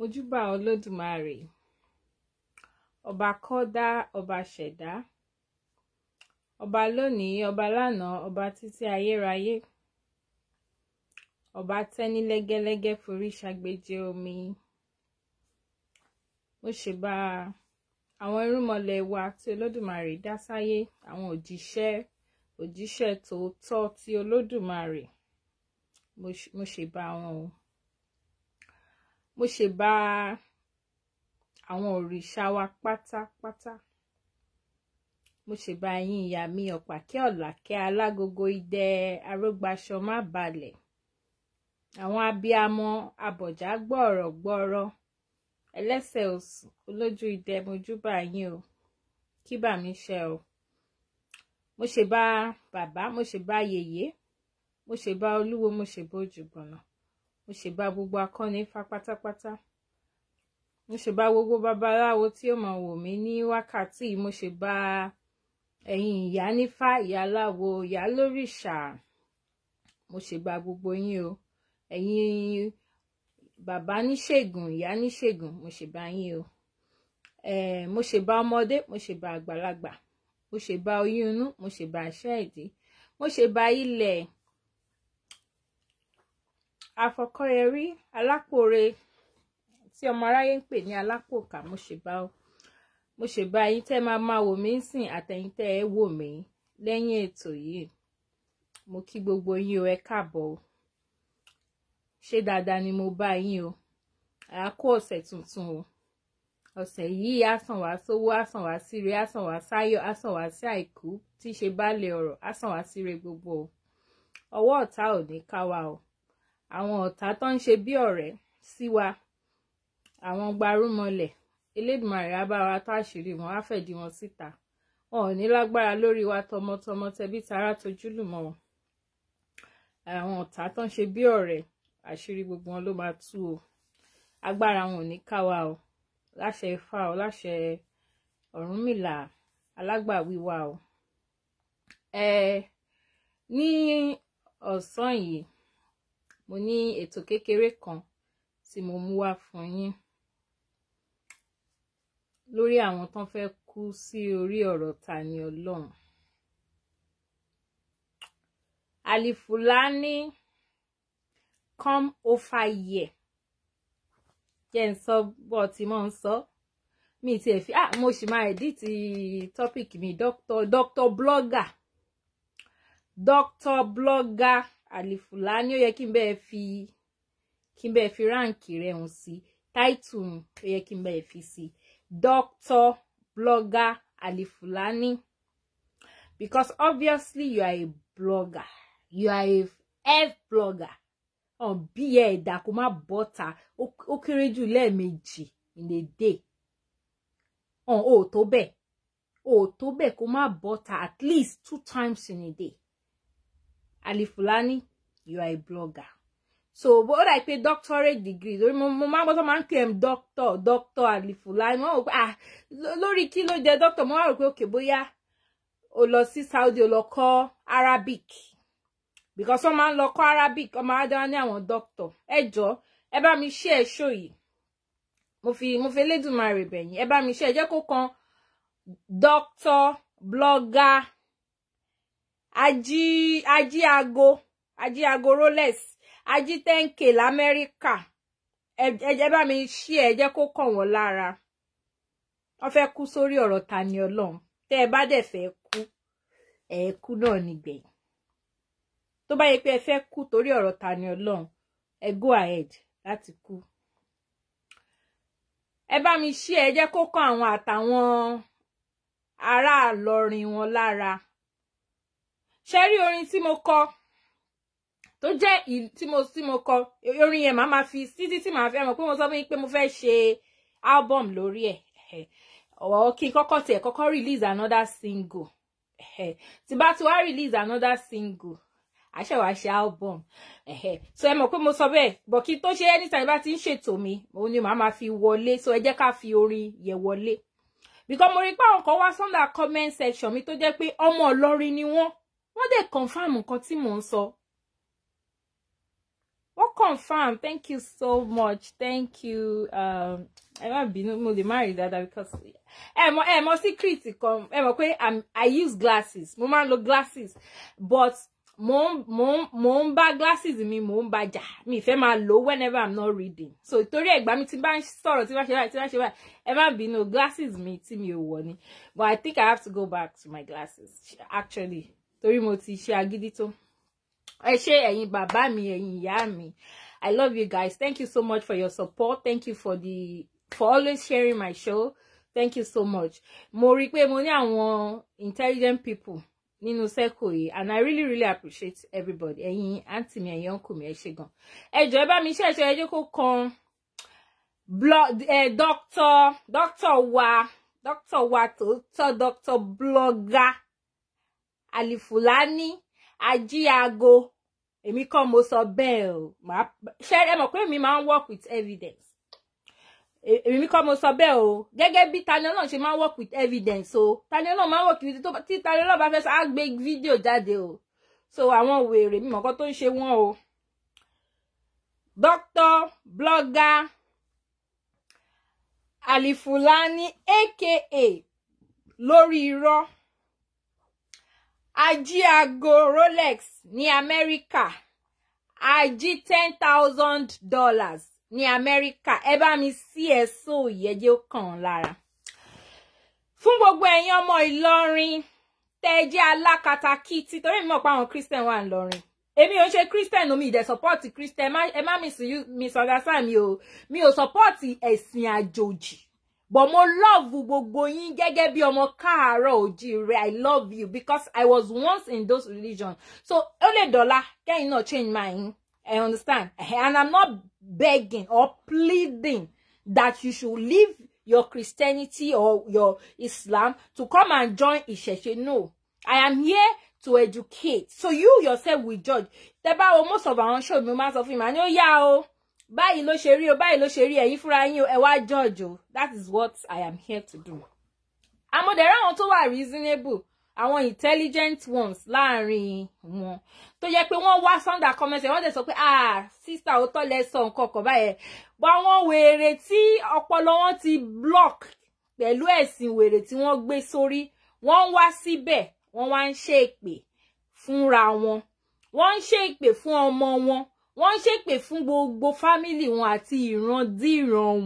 mojúbà olódùmarè ọba kọ́dá ọba ṣẹ̀dá ọba lónìí ọba lánàá ọba títí ayérayé ọba tẹ́ni lẹ́gẹ́lẹ́gẹ́ forí ṣàgbéjẹ omi mo ṣèbà àwọn irúnmọlẹ̀ wa tí olódùmarè dá sáyé àwọn òjíṣẹ́ òjíṣẹ́ tòótọ́ tí olódùmarè mo ṣèbà wọn o mo ṣe bá àwọn òrìṣà wa pátápátá mo ṣe bá yín ìyá mi ọ̀pàkẹ́ ọ̀làkẹ́ alágogo idẹ arógbaṣọ má balẹ̀ àwọn abiyamọ abọ̀já gbọ́ọ̀rọ̀ gbọ́ọ̀rọ̀ ẹlẹ́sẹ̀ òsì olójú idẹ mojúbà yín o kí bà mí ṣe o mo ṣe bá bàbá mo ṣe bá yèyé mo ṣe bá olúwo mo ṣe bójú gbọ̀nà mo sì bá gbogbo akọni fa pátápátá mo sì bá gbogbo babaláwo tí ó máa wò mí ní wákàtí mo sì bá ẹ̀yin ìyá nífá ìyá aláwo ìyá lórìṣà mo sì bá gbogbo yín o ẹ̀yin bàbá níṣègùn ìyá níṣègùn mo sì bá yín o mo sì bá ọmọdé mo sì bá àgbàlagbà mo sì bá oyún inú mo sì bá iṣẹ́ ìdí mo sì bá ilẹ̀ àfọkọ́yẹrí alápòore tí ọmọ aráyé ń pè ní alápòkà mo ṣe bá mo ṣe bá yín tẹ́ máa máa wò mí sìn àtẹ̀yìn tẹ́ ẹ wò mí lẹ́yìn ètò yìí mo kí gbogbo yín o ẹ káàbọ̀ o ṣé dáadáa ni mo bá yín o à kó ọ̀sẹ̀ tuntun o ọ̀sẹ̀ yìí á sàn wá sówó á sàn wá síre á sàn wá sáyọ̀ á sàn wá sí àìkú tí í ṣe baálé ọ̀rọ̀ á sàn wá síre gbogbo o ọwọ́ ọ̀tá ò ní ká wa o àwọn ọ̀tá tó ń ṣe bí ọ̀rẹ́ sí wa àwọn gbarúmọlẹ̀ Elédùmarè á bá wa tó àṣírí wọn á fẹ̀dí wọn síta wọn ò ní lágbára lórí wa tọmọtọmọ tẹbí tará tojúlùmọ̀ wọn àwọn ọ̀tá tó ń ṣe bí ọ̀rẹ́ àṣírí gbogbo wọn ló máa tú o agbára wọn ò ní ká wa o láṣẹ Ifá o láṣẹ Ọ̀rúnmìlà alágbàwí o ẹ ní ọ̀sán yìí mo ní ètò kékeré kan tí mo mú wá fún yín lórí àwọn tán fẹ́ kú sí orí ọ̀rọ̀ Tani Olohun Alifulani come over here jẹ́ ń sọ bọ́ ti mọ́ ń sọ mi ti ẹ̀ fi ah mo sì máa edit topic mi doctor doctor blogger doctor blogger Alifulani ó yẹ kí n bẹ́ẹ̀ fi kí n bẹ́ẹ̀ fi ráǹkì rẹ̀ hùn sí táìtù ó yẹ kí n bẹ́ẹ̀ fi sí Dr. blogger Alifulani because obviously you are a blogger you are a f blogger ọ̀bí ẹ̀ ẹ̀dá kó má bọ́ta ó kéré jù lẹ́ẹ̀mejì in the day ọ̀n ò tó bẹ́ẹ̀ ò tó bẹ́ẹ̀ kó má bọ́ta at least two times in a day. Ali Fulani you are a blogger so what I pay doctorate degree lórí mo máa ń gbọ́ tó doctor doctor Ali Fulani Oh, ah lórí kilo the doctor mo wá rò pé òkè bóyá o Saudi o lọ Arabic because some man ń lọ kọ́ Arabic ọmọ adáwá ní àwọn doctor Ejo. Eba ẹ mi share show yìí mo fi mo fi Elédùmarè bẹ̀yìn ẹ bá mi share ẹ jẹ́ kó doctor blogger ají ají ago ají ago rolex ají ten k lamẹ́ríkà ẹ jẹ́ bá mi ṣí ẹ jẹ́ kó kàn wọ́n lára wọ́n fẹ́ kú sórí ọ̀rọ̀ Tani Olohun tẹ́ ẹ bá dẹ̀ fẹ́ kú ẹ kú náà nígbẹ̀yìn tó bá yẹ pé ẹ fẹ́ kú torí ọ̀rọ̀ Tani Olohun ẹ go ahead láti kú ẹ bá mi ṣí ẹ jẹ́ kó kàn àwọn àtàwọn ará àlọrin wọn lára ṣe rí orin tí mo kọ tó jẹ́ tí mo tí mo kọ orin yẹn màá máa fi títí tí màá fẹ́ mọ̀ pé mo sọ fún yín pé mo fẹ́ ṣe album lórí ẹ̀ ọ̀ kí n kọ́kọ́ tiẹ̀ kọ́kọ́ release another single tí bá ti wá release another single àṣẹwàá ṣe album so ẹ mọ̀ pé mo sọ bẹ́ẹ̀ bọ̀ kí n tó ṣe anytime bá ti ń ṣètò mi òun ni màá máa fi wọlé so ẹ jẹ́ ká fi orin yẹ wọlé because mo rí pé àwọn kan wá sunday comment section mi tó jẹ́ pé ọmọ ọlọ́rin ni wọ́n wọ́n dẹ̀ confam nǹkan tí mò ń sọ wọ́n confam thank you so much thank you um, ẹ má bínú mo lè má rí dáadáa because ẹ mọ ẹ mọ secret kan ẹ mọ pé i use glasses mo máa ń lo glasses but mo ń mo mo ń bá glasses mi mo ń bá jà mi ìfẹ́ máa lò whenever i'm not reading so torí ẹ̀gbá mi tí bá ń sọ̀rọ̀ tí bá ṣe báyìí tí bá ṣe báyìí ẹ má bínú glasses mi tí mi ò wọ̀ ni but i think i have to go back to my glasses actually torí mo ti ṣe agídí tó ẹ ṣé ẹ̀yin bàbá mi ẹ̀yin ìyá mi i love you guys thank you so much for your support thank you for the for always sharing my show thank you so much mo rí i pé mo ní àwọn intelligent people nínú sẹ́kò yìí and i really really appreciate everybody ẹ̀yin àǹtí mi ẹ̀yin ọ̀nkù mi ẹ ṣé gan ẹ jọ̀ọ́ ẹ bá mi ṣẹ̀ṣẹ̀ ẹ jẹ́ kó kan dr dr wa dr wa tòótọ́ dr blogger àlìfùlání ajíago èmi kọ́ mo sọ bẹ́ẹ̀ o màá ṣe ẹ mọ̀ pé èmi máa ń work with evidence èmi kọ́ mo sọ bẹ́ẹ̀ o gẹ́gẹ́ bí Tani ṣe máa ń work with evidence o Tani Olohun máa ń work with tí Tani Olohun bá fẹ́ sọ á gbé fídíò jáde o so àwọn wèrè mi mọ̀kọ́ tó ń ṣe wọ́n o doctor blogger Alifulani aka lórí irọ́ a jí Rolex ní Amẹ́ríkà a ten thousand dollars ní Amẹ́ríkà ẹ bá mi sí ẹ̀sọ́ òyẹ́jẹ́ kàn lára. fún gbogbo ẹ̀yin ọmọ Ìlọrin tẹ́ ẹ jẹ́ alákatakítí torí mi mọ̀ pé àwọn Christian wà ńlọrin èmi ò ń ṣe Christian omi ìdẹ support Christian ẹ má mi misunderstand mi ò mi ò support ẹ̀sìn àjòjì but mo love gbogbo yín gẹ́gẹ́ bí ọmọ káàárọ̀ òjíire i love you because i was once in those religions so ó lè can you not change my mind i understand and i'm not begging or pleading that you should leave your christianity or your islam to come and join ìṣẹ̀ṣe no i am here to educate so you yourself will judge tẹ́ bá wo most of àwọn show mi máa sọ fún mi àní ó yá o báyìí ló ṣe rí o báyìí ló ṣe rí ẹ̀yin fúnra yín o ẹ wá judge that is what i am here to do. àmọ̀dẹ̀rẹ́ àwọn tó wà reasonable àwọn intelligent ones láàrin wọn tó yẹ pé wọ́n wá sunday comment ẹ̀ wọ́n dẹ̀ sọ pé ah sister òótọ́ lẹ sọ nǹkan ọkọ̀ báyẹn bá wọn wèrè tí ọpọlọ wọn ti block pẹ̀lú ẹ̀sìn wèrè tí wọ́n gbé sórí wọ́n wá síbẹ̀ wọ́n wá ń ṣe ìpè fúnra wọn wọ́n ń ṣe ìpè fún ọmọ wọn wọ́n ń ṣépè fún gbogbo fámìlì wọn àti ìrandíran wọn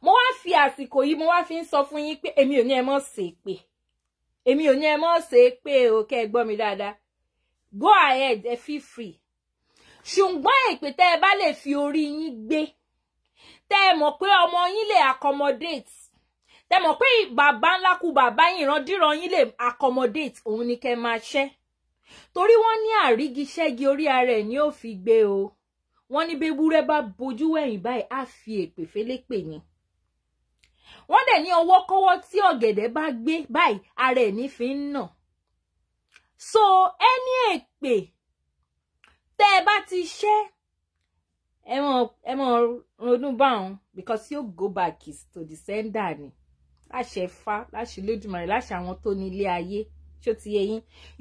mo wá fi àsìkò yìí mo wá fi ń sọ fún yín pé èmi ò ní ẹ mọ́ ṣépè èmi ò ní ẹ mọ́ ṣépè o kẹ́ ẹ gbọ́ mi dáadáa go ahead ẹ feel free ṣùgbọ́n èpè tẹ́ ẹ bá lè fi orí yín gbé tẹ́ ẹ mọ̀ pé ọmọ yín lè accommodate tẹ́ mọ̀ pé bàbá ńlá kú bàbá yìí ìrandíran yín lè accommodate òun ni kẹ́ máa ṣẹ́ torí wọ́n ní àrígiṣẹ́gi orí ara ẹ̀ ni ó fi gbé o wọ́n ní bébúrẹ́ bá bojú wẹ̀yìn báyìí á fi èpè félépè ni wọ́n dẹ̀ ní ọwọ́ kọ́wọ́ tí ọ̀gẹ̀dẹ̀ bá gbé báyìí ara ẹ̀ ní fi ń nà so ẹni èpè tẹ́ ẹ bá ti ṣẹ́ ẹ mọ̀ ẹ mọ̀ ronú báwọn because yóò go back to the sender ni láṣẹ fa láṣẹ lójúmọ́ rẹ̀ láṣẹ àwọn tó ní ilé ayé ṣó ti yẹ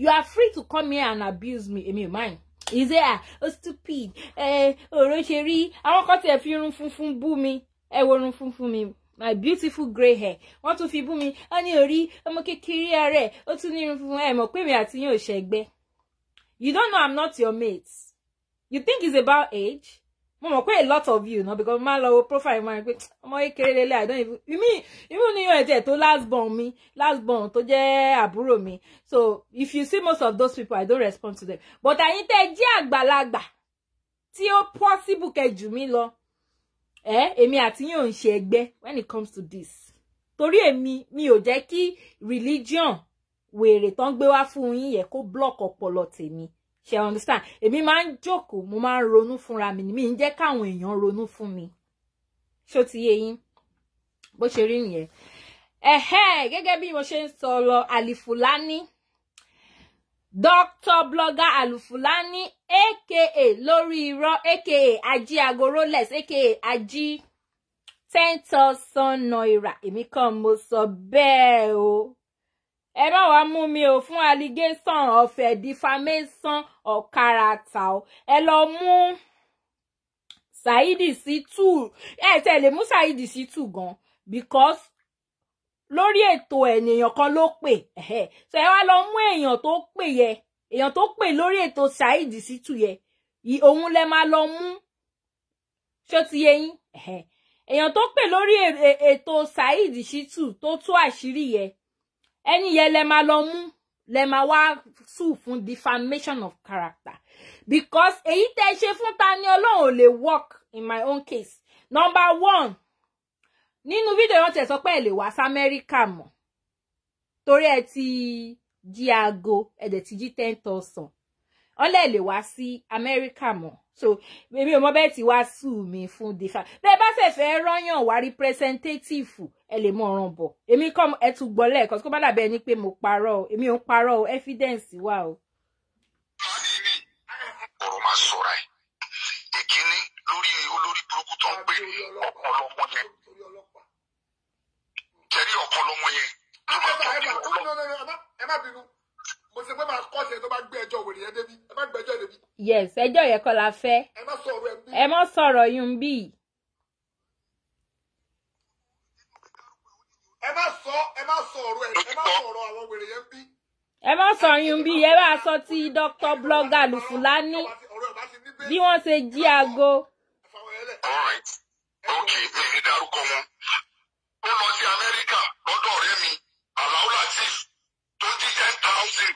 you are free to come here and abuse me èmi ò mind ìṣe à ó stupid ẹ eh, ọ̀rọ̀ oh, ṣe rí àwọn kan tiẹ̀ fi irun funfun bú mi ẹ wo irun funfun mi my beautiful grey hair Want to fi bú mi ó ní orí ọmọ kékeré ààrẹ ó tún ní irun funfun ẹ mọ̀ pé mi àti yín ò ṣẹgbẹ́ you don't know i'm not your mate you think it's about age mo quite a lot of you na because my lọ profile my pé ọmọ kékeré i don't even you mean even ní ẹ̀jẹ̀ to last born me, last born tó jẹ́ àbúrò mi so if you see most of those people i don't respond to them but àyín tẹ́ jẹ́ àgbàlagbà tí ó possible kẹ́ jù mí lọ Eh, emi ati yín ò ń ṣe when it comes to this Tori emi, mi ò jẹ́ kí religion wèrè tán gbé wa fún yín yẹ kó block ọpọlọ tèmi She understand èmi máa ń jókòó mo máa ń ronú mi mi ń jẹ́ káwọn èèyàn ronú fún mi ṣó ti yé yín bó ṣe rí nìyẹn ẹ̀hẹ́ gẹ́gẹ́ bí mo ṣe ń sọ lọ àlìfùlání blogger àlìfùlání aka Lori irọ́ aka ají agoroless aka ají ten thousand naira èmi kan mo sọ bẹ́ẹ̀ o ẹ bá wàá mú mi o fún allegation ọ̀fẹ́ defamation of character o ẹ lọ mú Saidi Shittu ẹ tẹ lè mú Saidi Shittu gan because lórí ètò ènìyàn kan ló pè ẹ so ẹ wá lọ mú èèyàn tó pè yẹ èèyàn tó pè lórí ètò Saidi Shittu yẹ òun lẹ máa lọ mú ṣó ti yé yín èèyàn tó pè lórí ètò Saidi Shittu tó tú àṣírí yẹ ẹni yẹn lẹ máa lọ mú lẹ máa wá sùn fún defamation of character because èyí tẹ ẹ ṣe fún ta ni ọlọ́run ò lè work in my own case number one nínú fídíò yẹn tẹ sọ pé ẹ lè wá sí amẹ́ríkà mọ́ torí ẹ ti jí aago ẹ dẹ̀ ti jí ten thousand ọlẹ́ lè wá sí amẹ́ríkà mọ́ so èmi ò mọ bẹ́ẹ̀ tí wàá sù mí fún defa bẹ́ẹ̀ bá fẹ́ fẹ́ rọ́yàn wá representative ẹ lè mọ ọ̀ràn bọ̀ èmi kọ́ ẹ tún gbọ́ lẹ́ẹ̀kan kó bá dàbẹ́ ẹni pé mo parọ́ èmi ò ń evidence wà o. ọ̀rọ̀ máa sọ̀ra ẹ̀ ìkíní lórí olórí burúkú tó ń pè ọ̀pọ̀lọpọ̀ yẹn jẹ́rí ọ̀pọ̀lọpọ̀ yẹn ló máa tọ́jú ọ̀pọ̀lọpọ̀. ẹ má mo ṣe pé màá kọ́ ṣe tó bá gbé ẹjọ́ wèrè yẹn débi ẹ má gbé ẹjọ́ débi yes ẹjọ́ yẹn kọ́ la fẹ́ ẹ má sọ̀rọ̀ yín bí. ẹ má sọ ẹ má sọ ẹ má sọ àwọn wèrè yẹn bí. ẹ má sọ yín bí ẹ bá sọ ti dr blogger lufulani bí wọ́n ṣe jí aago. ok èmi dárúkọ wọn ó lọ sí amẹ́ríkà lọ́dọ̀ ọ̀rẹ́ mi aláwọ̀ latif tó jí ten thousand.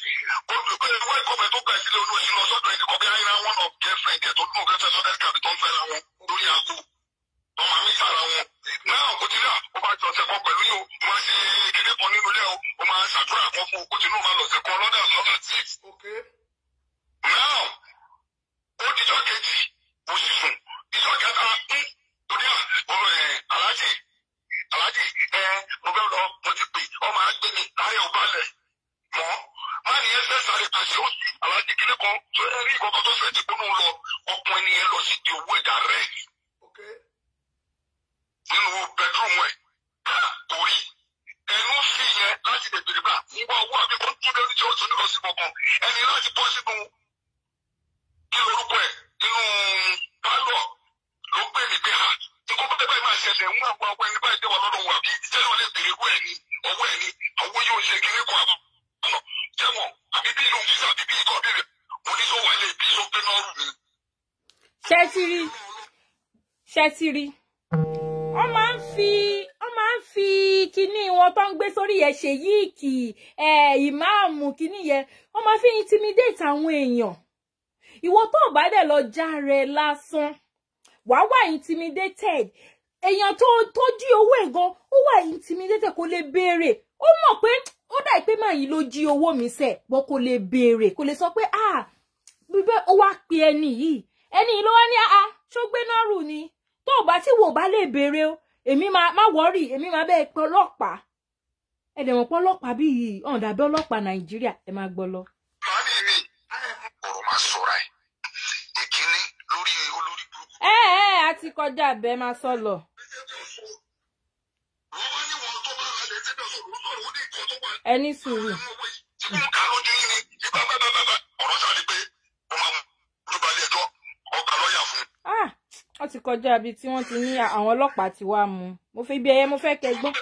ó tún pé ìwé ìkọ́mọ̀ tó gbà sílẹ̀ olú òsínú ọ̀sọ́dọ̀ ẹni kọ́bí ayé ra wọn náà gẹ́fẹ̀ gẹ́ tó dùn gẹ́fẹ̀ sọ́dẹ̀ tàbí tó ń fẹ́ ra wọn lórí aago ọmọ mi sára wọn náà kò tíra ó bá jọ ọ̀sẹ̀ kan pẹ̀lú yóò ó máa ṣe kéde kan nínú ilé o ó máa ṣàdúrà kan fún kò tínú máa lọ̀sẹ̀ kan lọ́dà lọ́dà tí. náà ó dìjọ́ kejì ó sì sùn ìjọ kẹta ń hmm, torí ọ̀rọ̀ ẹ̀ aláàjì aláàjì ẹ mo fẹ́ lọ mo ti pè ọmọ àgbẹ̀ mi láyọ̀ balẹ̀ ṣó alájí kiri kan tó ẹ rí ìkọ̀kọ̀ tó fẹ́ ti gbóná lọ ọkùnrin ni ẹ lọ sí di owó ìdá rẹ̀ nínú bẹ́dúrúmù ẹ̀ kò rí ẹnu fi yẹn láti lè bèrè bá ń wá owó àbí kan tún lórí tí ó tún nílò sí kankan ẹni láti bọ́ sínú kí lorúkọ ẹ̀ nínú pálọ̀ ló gbé mi ha nǹkan tó débẹ̀ máa ṣẹlẹ̀ ń wá owó ẹni báyìí dé wà wà bí ìjẹ́rọ̀ lè bèrè owó ẹ̀ ọwọ́ ẹ̀ ní yóò ṣe kiri kan àbọ̀. ṣẹ́tírí ṣẹ́tírí wọ́n máa ń fi wọ́n máa ń fi kinní wọn tó ń gbé sórí yẹn ṣe yìí kì ẹ̀ ìmáàmù kinní yẹn wọ́n máa fi intimidate àwọn èèyàn ìwọ tó bá dẹ̀ lọ járe lásán wàá wà intimidated èèyàn tó tó jí owó ẹ̀ gan ó wà intimidated kò lè béèrè ó mọ̀ pé ó dà pé màá yìí ló jí owó mi sẹ̀ wọ́n kò lè béèrè kò lè sọ pé ah bíbẹ́ ó wá pe ẹni yìí ẹni ló wá ní àá ah, ah, ṣó gbé náà rù ni tó o bá tí wò bá lè béèrè o èmi má wọ́rì èmi má bẹ́ẹ̀ pé ọlọ́pàá ẹ dẹ̀ mọ̀ pé ọlọ́pàá bí yìí ọ̀n dàbí ọlọ́pàá nàìjíríà ẹ máa gbọ́ lọ. ẹ ẹ a ti kọjá abẹ máa sọ lọ. ẹni sùúrù. ti kọjá ibi tí wọ́n ti ní àwọn ọlọ́pàá ti wá mu mo fi bí ẹyẹ mo fẹ́ kẹgbọ́n.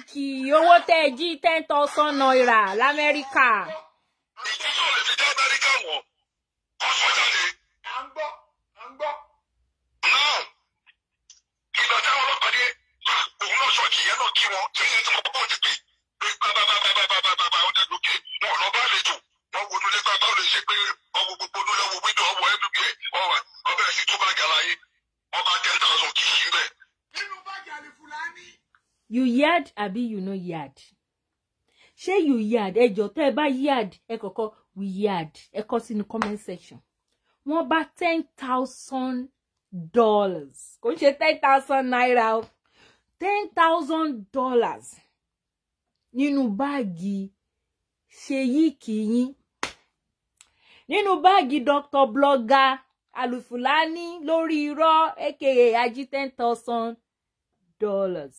báǹkì owó tẹ́ ẹ jí ten thousand naira lamẹ́ríkà. ìjọ tó you yard àbí you no yard ṣé you yard ẹjọ tẹ ẹ bá yard ẹ kọ́kọ́ we yard ẹ kọ sínú comment section wọ́n bá ten thousand dollars kò ń ṣe ten thousand naira o ten thousand dollars nínú báàgì Ṣèyíkì yín nínú báàgì Dr. blogger Alufulani lórí irọ́ aka ají ten thousand dollars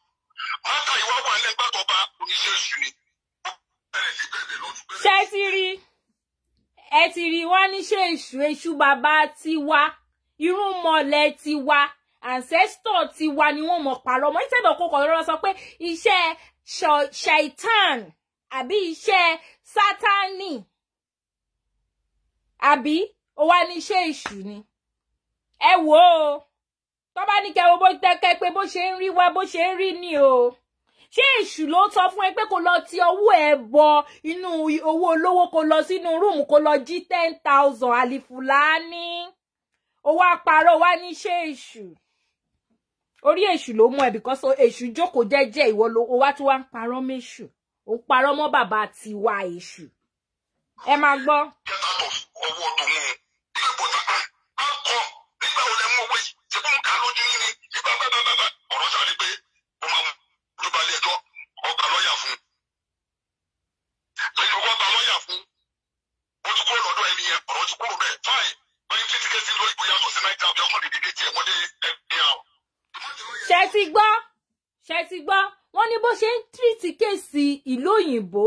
náà ìwà wà lẹ́gbẹ́ tó bá oníṣẹ́ oṣù ni. ṣé ẹ ti rí ẹ ti rí wọn níṣẹ èṣù èṣù bàbá tiwa irun mọlẹ tiwa ancestor tiwa ni wọn mọ pàrọ ọmọ ìṣẹ̀dá òkòkò lọ́rọ́ sọ pé iṣẹ́ shaitan àbí iṣẹ́ sátani àbí ó wá níṣẹ́ èṣù ni ẹ wò ó tó bá ní kẹwọ́ bó tẹ́kẹ́ pé bó ṣe ń rí wá bó ṣe ń rí ni o ṣé èṣù ló sọ fún ẹ pé kó lọ ti ọwọ́ ẹ bọ inú owó olówó kó lọ sínú rúùmù kó lọ jí ten thousand àlìfùlání owó àparọ́ wá ní ṣé èṣù orí èṣù ló mú ẹ because èṣù jókòó jẹ́jẹ́ ìwọ ló wá tí wàá ń parọ́ méṣù ó ń parọ́ mọ́ bàbá tiwa èṣù ẹ máa gbọ́. ṣe ti gbọ́ ṣe ti gbọ́ wọ́n ní bó ṣe ń tírìtì kéèsì ìlú òyìnbó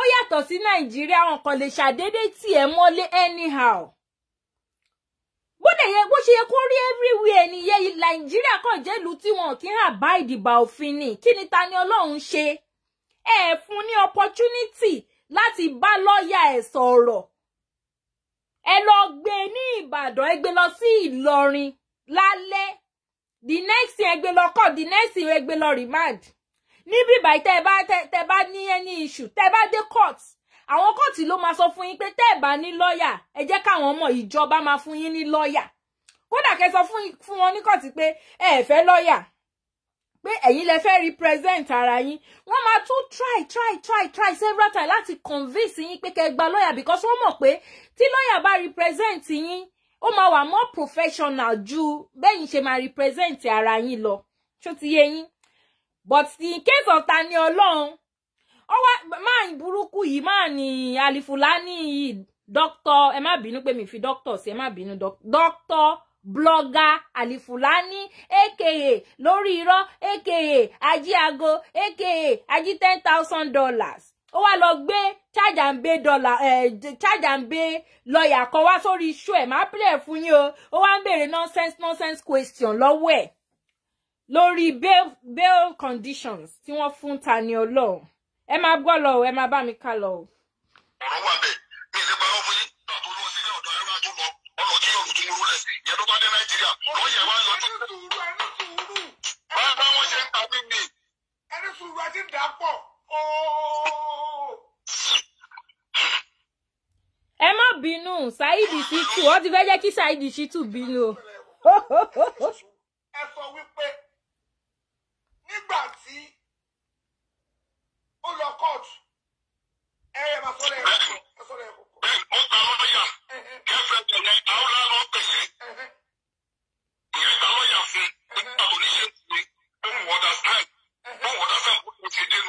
ó yàtọ̀ sí nàìjíríà wọn kàn lè ṣàdédé tì mọ́lé anyhow bó dẹ̀ yẹ bó ṣe yẹ kó rí everywhere nìyẹn nàìjíríà kàn jẹ́ ìlú tí wọn kì í hàn bá ìdìbà òfin ni kí ni ta ni ọlọ́run ṣe ẹ fún ní opportunity láti bá lọ́ọ̀yà ẹ̀ sọ̀rọ̀ ẹ lọ gbé e ní Ìbàdàn ẹ gbé lọ sí Ìlọrin lálẹ́ the next thing ẹ gbé lọ kọ́ the next thing ẹ gbé lọ remand níbí báyìí tẹ́ bá tẹ́ bá ní ẹni iṣu tẹ́ bá dé court àwọn kóòtù ló máa sọ fún yín pé tẹ́ ẹ̀ bá ní lọ́ọ̀yà ẹ jẹ́ káwọn ọmọ ìjọba máa fún yín ní lọ́ọ̀yà kódà kẹ́ fún wọn ní kóòtù pé ẹ ẹ̀ fẹ́ lọ́ọ̀yà pé ẹ̀yin lè fẹ́ represent ara yín wọ́n máa tún try try try try several times láti convince yín pé kẹ́ gba because wọ́n mọ̀ pé tí lọ́ọ̀yà bá represent yín ó máa wà more professional ju bẹ́yìn ṣe máa represent ara yín lọ ṣó ti yé yín but in case of Tani Olohun ọwọ́ máa ń burúkú yìí máa ní Alifulani yìí dókítọ̀ ẹ má bínú pé mi fi dókítọ̀ sí ẹ má bínú dókítọ̀ blogger alifulani aka lórí irọ́ aka ají ago aka ají ten thousand dollars ó wá lọ gbé chajambe dọ́là chajambe lọ́ọ̀yà kan wá sórí iṣu ẹ̀ máa pílẹ̀ fún yín o ó wá ń béèrè nonsense nonsense question lọ́wọ́ ẹ̀ lórí bail bail conditions tí wọ́n fún Tani Olohun ẹ máa gbọ́ lọ o ẹ máa bá mi ká lọ o. mo ti dà pọ̀ oh. ẹ má bínú ṣáídì ṣítù ó ti fẹ́ jẹ́ kí ṣáídì ṣítù bínú ẹ sọ wípé nígbà tí ó lọ kóòtù ẹ yẹ máa fọ́lẹ́ rẹ̀.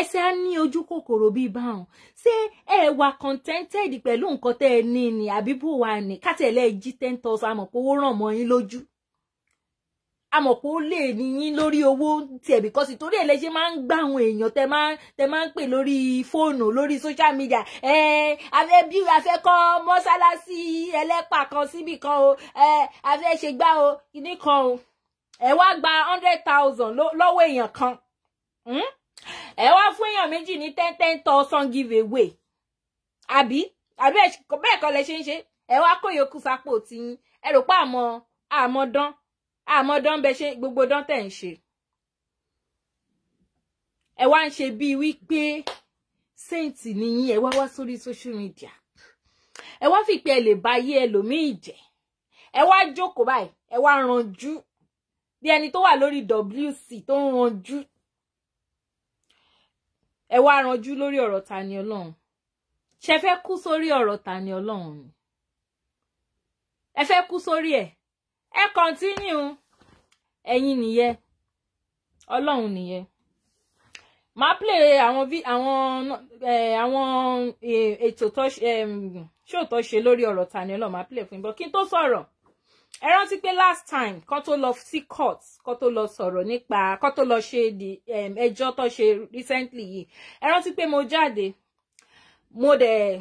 ẹsẹ̀ á ní ojú kòkòrò bíi báwọn ṣé ẹ wà contented pẹ̀lú nǹkan tẹ́ ẹ ní ni àbí bó wà ní kátẹ̀lẹ́ jí ten thousand àmọ̀ pé owó ràn mọ́ yín lójú àmọ̀ pé ó lè ní yín lórí owó tiẹ̀ because torí ẹ̀ lẹ ṣe máa ń gbà àwọn èèyàn tẹ máa tẹ máa ń pè lórí fóònù lórí social media ẹ afẹ́ bí afẹ́ kọ́ mọ́sálásí ẹlẹ́pà kan síbì kan o ẹ afẹ́ ṣe gbá o kíní o ẹ wá gba hundred thousand lọ́wọ́ èèyàn kan. Hmm? E wa fún èèyàn méjì ní ten ten thousand give away Abi àbí bẹ́ẹ̀ le lẹ ṣe ń ṣe ẹ wá kó yòókù sápò tiyín ẹ mo pé àmọ́ àmọ́ dán àmọ́ dán bẹ ṣe gbogbo dán tẹ̀ ń ṣe ẹ wá ń ṣe bíi wípé sẹ́ǹtì nìyí ẹ wá wá sórí social media E wa fi pé ẹ lè bá yé ẹlòmíì jẹ ẹ wá jókòó báyìí ẹ wá ranjú bí ẹni tó WC tó ń ẹ wá ranjú lórí ọ̀rọ̀ Tani Olohun ṣe fẹ́ kú sórí ọ̀rọ̀ Tani Olohun ni ẹ fẹ́ kú sórí ẹ̀ ẹ kọ́ntínú ẹ̀yin nìyẹn Ọlọ́run nìyẹn máa play àwọn àwọn àwọn ètò tó ṣe lórí ọ̀rọ̀ Tani Olohun máa play fún yín bọ́ kí n tó sọ̀rọ̀ ẹ rántí pé last time kó tó lọ sí court kó tó lọ sọ̀rọ̀ nípa kó tó lọ ṣe ẹjọ́ tó ṣe recently yìí ẹ rántí pé mo jáde mo dẹ̀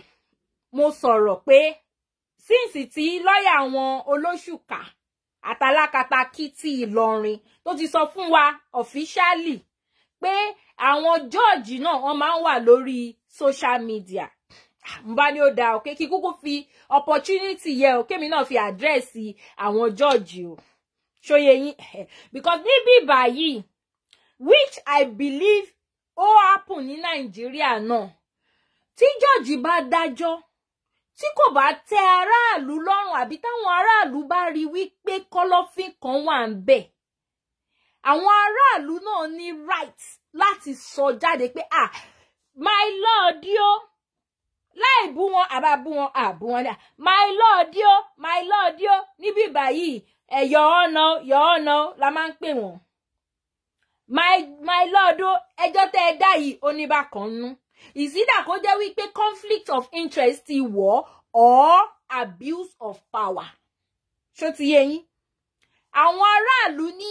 mo sọ̀rọ̀ pé síǹsì tí lọ́ọ̀yà wọn olóṣùkà àtàlákatakítí Ìlọrin tó ti sọ fún wa officially pé àwọn jọ́ọ̀jì náà wọ́n máa ń wà lórí social media Mba ni o da òkè kí kúkú fi opportunity yẹ okay. mi náà fi àdírẹ́sì àwọn judge o ṣóye yín because níbí báyìí which I believe ó happen ní Nàìjíríà náà tí jọ́ọ̀jì bá dájọ́ tí kò bá tẹ aráàlú lọ́rùn àbí táwọn aráàlú bá rí wípé kọ́lọ́fín kan wà ń bẹ àwọn aráàlú náà ní right láti sọ jáde pé ah my lord yo láì bú wọn àbá bú wọn àbú wọn dà my lord o my lord o níbí báyìí ẹ yọ ọ̀nà yọ ọ̀nà la máa ń pè wọ́n my my lord o ẹjọ́ tẹ́ ẹ dá yìí oníbàkan nú ìsídà kó wípé conflict of interest ti wọ̀ or abuse of power ṣó ti yé yín àwọn aráàlú ní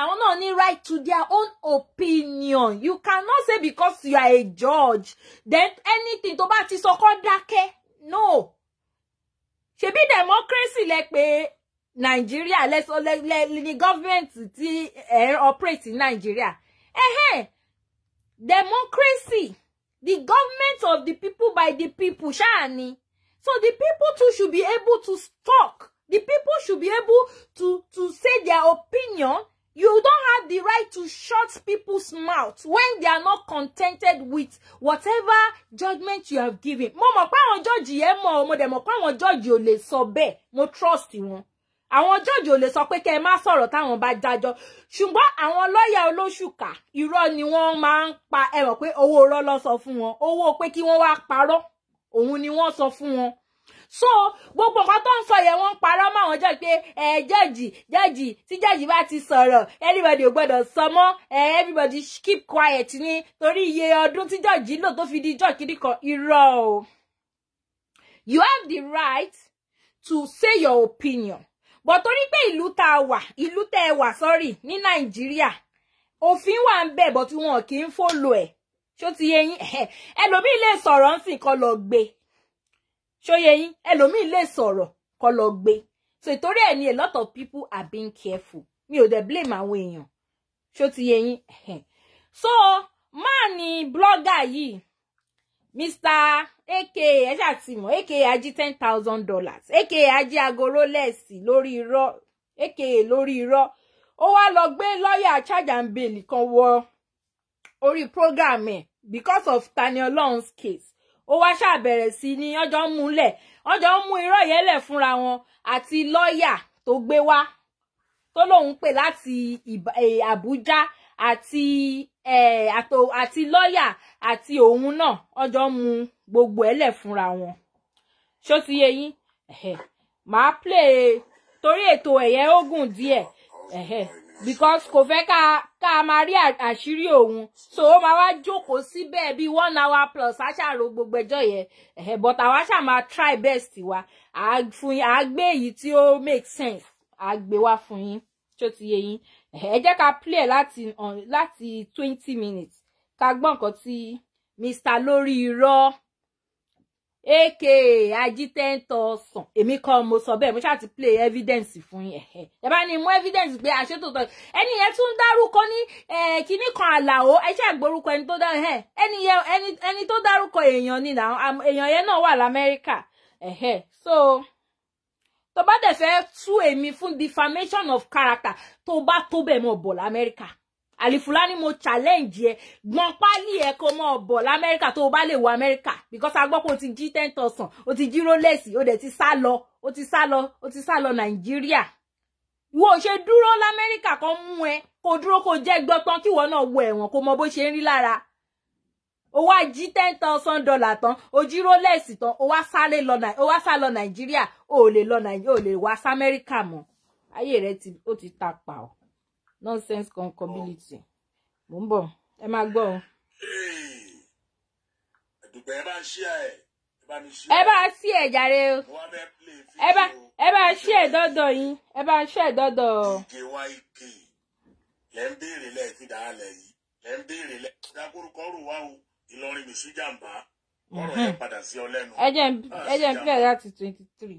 àwọn náà ní right to their own opinion you cannot say because you are a judge then anything tó bá ti sọ kó dákẹ́ no ṣebí democracy lẹ pé nàìjíríà lẹsọ lẹ ní gọọmenti tí ẹ operate ní nàìjíríà ẹhẹn democracy the government of the people by the people ṣáà ni so the people too should be able to talk The people should be able to, to say their opinion. You don't have the right to shut people's mouths when they are not contented with whatever judgment you have given. Mo mọ̀ pé àwọn judge yẹn mọ̀ mo dẹ̀ mọ̀ pé àwọn judge ò lè sọ bẹ́ẹ̀ mo trust wọn. Àwọn judge ò lè sọ pé kẹ́ ẹ má sọ̀rọ̀ táwọn bá jájọ́. Ṣùgbọ́n àwọn lọ́ọ̀yà olóṣùkà irọ́ ni wọ́n máa pa ẹ mọ̀ pé owó irọ́ ló sọ fún wọn. Owó pé kí wọ́n wá parọ́ òun ni wọ́n sọ fún wọn so gbogbo nǹkan tó ń sọ yẹn wọ́n ń parọ́ mọ́ àwọn jọ pé ẹ jẹ́jì jẹ́jì tí jẹ́jì bá ti sọ̀rọ̀ everybody ò gbọ́dọ̀ sọ mọ́ ẹ everybody keep quiet ni torí iye ọdún tí jọ́jì lò tó fi di jọ́ kiri kan irọ́ o you have the right to say your opinion but torí pé ìlú tá a wà ìlú tẹ́ ẹ wà sọ́rí ní nàìjíríà òfin wà ń bẹ̀ bọ̀ tí wọn kì í fò lò ẹ̀ ṣó ti yẹ yín ẹlòmíì lè sọ̀rọ̀ ń sìn kan lọ gbé ṣóyẹ yín ẹlòmíín lè sọ̀rọ̀ kọ́ lọ gbé so ìtorí ẹ̀ ni a lot of people are being careful mi ò dẹ̀ blame àwọn èèyàn ṣó ti yẹ yín so máà ní blọ́gà yìí mr aka ẹ ṣáà ti mọ̀ aka ají ten thousand dollars aka ají aago rolex lórí irọ́ aka lórí irọ́ ó wá lọ gbé lọ́ọ̀yà charge and bail kan wọ orí program ẹ̀ because of Tani Olohun's case ó wá ṣàbẹ̀rẹ̀ sí ní ọjọ́ ń múlẹ̀ ọjọ́ ń mú irọ́ yẹn lẹ̀ fúnra wọn àti lọ́ọ̀yà tó gbé wá tó lóun pè láti Àbújá àti àti lọ́ọ̀yà àti òun náà ọjọ́ ń mu gbogbo ẹ̀ lẹ̀ fúnra wọn ṣó ti yé yín màá play torí ètò ẹ̀yẹ ó díẹ̀ because kò fẹ́ ká ká máa rí àṣírí òun so ó máa wá jókòó síbẹ̀ bíi one hour plus aṣàrò gbogbo ẹjọ́ yẹn ẹ̀hẹ̀ but àwa ṣà máa try best wa à gbé èyí tí ó make sense à gbé wá fún yin. tó ti yé yín ẹ jẹ́ ká play láti láti twenty minutes ká gbọ́ nǹkan tí Mr. Lori irọ́ aka ajitẹ́ńtọ̀ ọ̀sán èmi kọ́ mo sọ bẹ́ẹ̀ mo ṣáà ti play evidence fún yẹn ẹ bá ní mú evidence pé àṣetòtọ́ ẹni yẹn tún dárúkọ ní kinní kan àlàó ẹ ṣáà gbórúkọ ẹni tó dárúkọ ẹni yẹn ẹni tó dárúkọ èèyàn ni nà èèyàn yẹn náà wà lamẹ́ríkà so tó bá dẹ̀ fẹ́ tú èmi fún defamation of character tó bá tó bẹ̀ mọ̀ bọ̀ lamẹ́ríkà àlìfúlání mo challenge ye. gbọn pálí ẹ kó mọ bọ lamẹríkà tó o bá lè wọ amẹríkà because a gbọ́ pé ti jí ten thousand o ti jí rolex o dẹ̀ ti sá lọ o ti sá lọ o ti sá lọ nàìjíríà wo ṣe dúró lamẹríkà kan mú ẹ kó dúró kó jẹ́ gbọtán kí ìwọ náà wọ ẹ̀wọ̀n kó mọ bó ṣe ń rí lára o wá jí ten thousand dollar tán o jí rolex ton, o wá sálé lọ o wá sá lọ Nigeria, o ò lè lọ nàìjíríà o ò lè wá samẹríkà mọ́ ayé ti ó ti ta pa nonsense comfortability mò ń bọ̀ ẹ máa gbọ́ o. ẹ̀dùgbẹ́ ẹ bá ń ṣí ẹ̀ ẹ bá ṣí ẹ̀ jàre o ẹ bá ẹ bá ṣí ẹ̀ dọ́dọ̀ yín ẹ bá ṣí ẹ̀ dọ́dọ̀. lẹ́ ń béèrè lẹ́ẹ̀fì dáhàlẹ̀ yìí I ń béèrè lẹ́ẹ̀fì dákórúkọ rò wá o Ìlọrin mi sí jàǹbá ọ̀rọ̀ mhm. yẹn padà sí ọ lẹ́nu. ẹ jẹ́ ń bẹ̀rẹ̀ láti twenty three.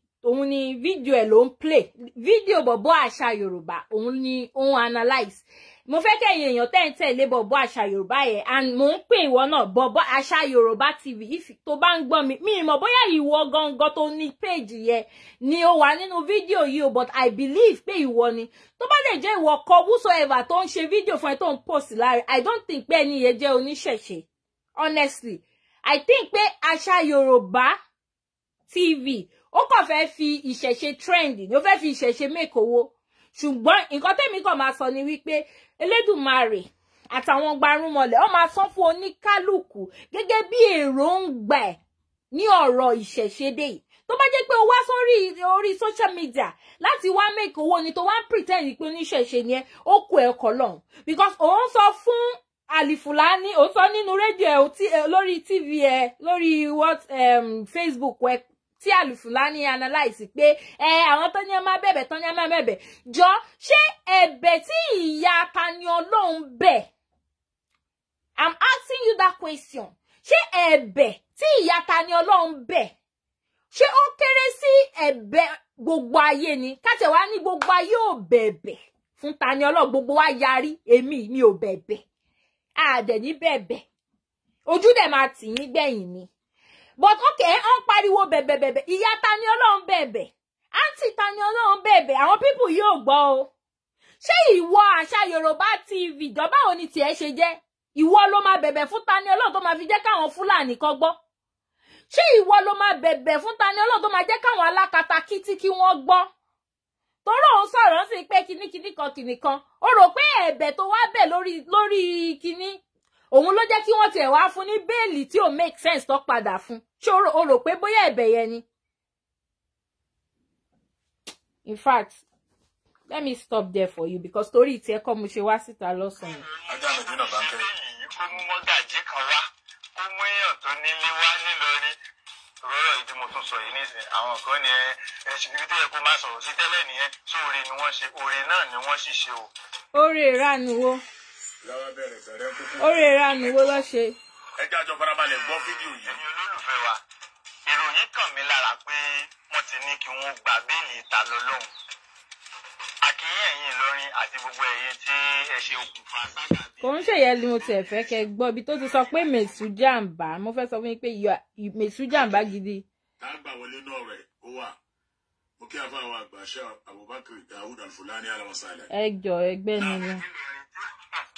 òun ni fídíò ẹ̀ ló ń play fídíò bọ̀bọ̀ àṣà yorùbá òun ni òun analyse mo fẹ́ kẹ́yìn èèyàn tẹ́ ń tẹ̀lé bọ̀bọ̀ àṣà yorùbá yẹn and mo ń pè ìwọ náà bọ̀bọ̀ àṣà yorùbá tv tó bá ń gbọ́ mi mi mọ̀ bóyá ìwọ gangan tó ní page yẹn ni ó wà nínú fídíò yìí o but i believe pé ìwọ ni tó bá lè jẹ́ ìwọ kọ whosoever tó ń ṣe fídíò fún ẹ tó ń post láre i don't think pé ẹni yẹn jẹ́ oníṣẹ̀ṣe honestly i think pé àṣà yorùbá tv ó kàn fẹ́ fi ìṣẹ̀ṣe trend ni ó fẹ́ fi ìṣẹ̀ṣe make owó ṣùgbọ́n nǹkan tẹ́mi kàn máa sọ ni wípé Elédùmarè àtàwọn gbarúmọlẹ̀ ó máa san fún oníkálùkù gẹ́gẹ́ bí èròǹgbà ẹ̀ ní ọ̀rọ̀ ìṣẹ̀ṣe dé yìí tó bá jẹ́ pé o wá sórí orí social media láti wá make owó ni tó wá pretend pretend pé oníṣẹ̀ṣe ni ẹ ó kó ẹ̀kọ́ lọ́hùn because òun sọ fún àlìfùlání ò sọ nínú rédíò ẹ lórí tv ẹ lórí what um, facebook ẹ tí Alifulany analyze pé ẹ àwọn tó ní ẹ má tó ní ẹ má jọ ṣé ẹ̀bẹ̀ tí ìyá Tani Olohun bẹ̀ i'm asking you that question ṣé ẹ̀bẹ̀ tí ìyá Tani Olohun bẹ̀ ṣé ó kéré sí ẹ̀bẹ̀ gbogbo ayé ni káṣẹ wá ní gbogbo ayé ò bẹ̀bẹ̀ fún Tani Olohun gbogbo wa yarí èmi mi ò bẹ̀bẹ̀ àdẹ̀ ní bẹ̀bẹ̀ ojú dẹ̀ máa tì í nígbẹ̀yìn ni but okay on pariwo bẹ̀bẹ̀ bẹ̀bẹ̀ ìyá ta ni ọlọ́run bẹ̀bẹ̀ anti ta ni ọlọ́run bẹ̀bẹ̀ àwọn pípù yóò gbọ́ o ṣé ìwọ àṣà yorùbá tv ìjọba ò ní tiẹ̀ ṣe jẹ́ ìwọ ló máa bẹ̀bẹ̀ fún ta ni ọlọ́run tó máa fi jẹ́ káwọn fúlàní kan gbọ́ ṣé ìwọ ló máa bẹ̀bẹ̀ fún ta ni ọlọ́run tó máa jẹ́ káwọn alákatakítí kí wọ́n gbọ́ torí òun sọ̀rọ̀ sí pé kinní kinní kan kinní kan ó rò pé ẹ̀bẹ̀ tó wá bẹ̀ lórí lórí kinní òun ló jẹ́ kí wọ́n tiẹ̀ wá fún ní bẹ́ẹ̀lì tí ò make sense tó padà fún ṣé o rò pé bóyá ẹ̀bẹ̀ yẹn ni. in fact let me stop there for you because torí tiẹ̀ kọ́ mo ṣe wá síta lọ́sàn-án. ọjọ́ àgbẹ̀dì náà bá ń kẹ́rẹ́. kó mú mọ́gàjí kan wá kó mú èèyàn tó nílé wá nílọrin rọ́rọ̀ ìdí mo tún sọ yìí nísìnyí àwọn kan ni ẹ ṣùgbọ́n tó yẹ kó má sọ̀rọ̀ sí tẹ́lẹ̀ nìyẹn sóore ni wọ́n ṣe oore náà ni wọ́n sì ṣe o. oore ìranu wo orí ẹ̀rọ àmì wo ló ṣe. ẹ jẹ́ àjọ farabalẹ̀ gbọ́ fídíò yìí. ẹ̀yin olólùfẹ́ wa ìròyìn kàn mí lára pé wọ́n ti ní kí wọ́n gba béèlì ìta lọ lóhùn. àkíyè ẹ̀yin Ìlọrin àti gbogbo ẹ̀yin tí ẹ ṣe okùnfà sága. kò ń ṣèyẹ ni mo tiẹ̀ fẹ́ kẹ́ gbọ́ ibi tó ti sọ pé mèsù jàǹbá mo fẹ́ sọ fún yín pé mèsù jàǹbá gidi. tá a gbà wọlé náà rẹ̀ ó wà mo kí àfáà wa àgbà ṣe Abubakar Dawud Alfulani alamasala. ni.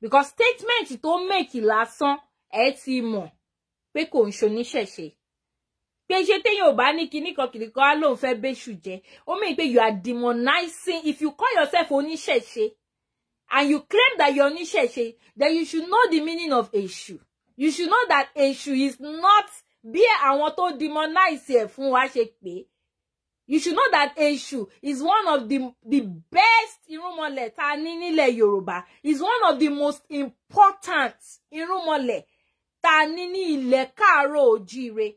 because statement tó make lásán ẹ ti mọ̀ pé kò ń ṣoníṣẹ̀ṣe pé ṣé téèyàn ò bá ní kinní kan kìnìún kan á lóun fẹ́ bẹ́ṣù jẹ́ ó mìíràn you are demonizing if you call yourself oníṣẹ̀ṣe and you claim that you are oníṣẹ̀ṣe then you should know the meaning of èṣù you should know that èṣù is not bí àwọn tó demonize ẹ̀ fún wa ṣe pé you should know that Èṣù is one of the the best irúnmọlẹ̀ tá a ní is one of the most important irúnmọlẹ̀ tá a ní ní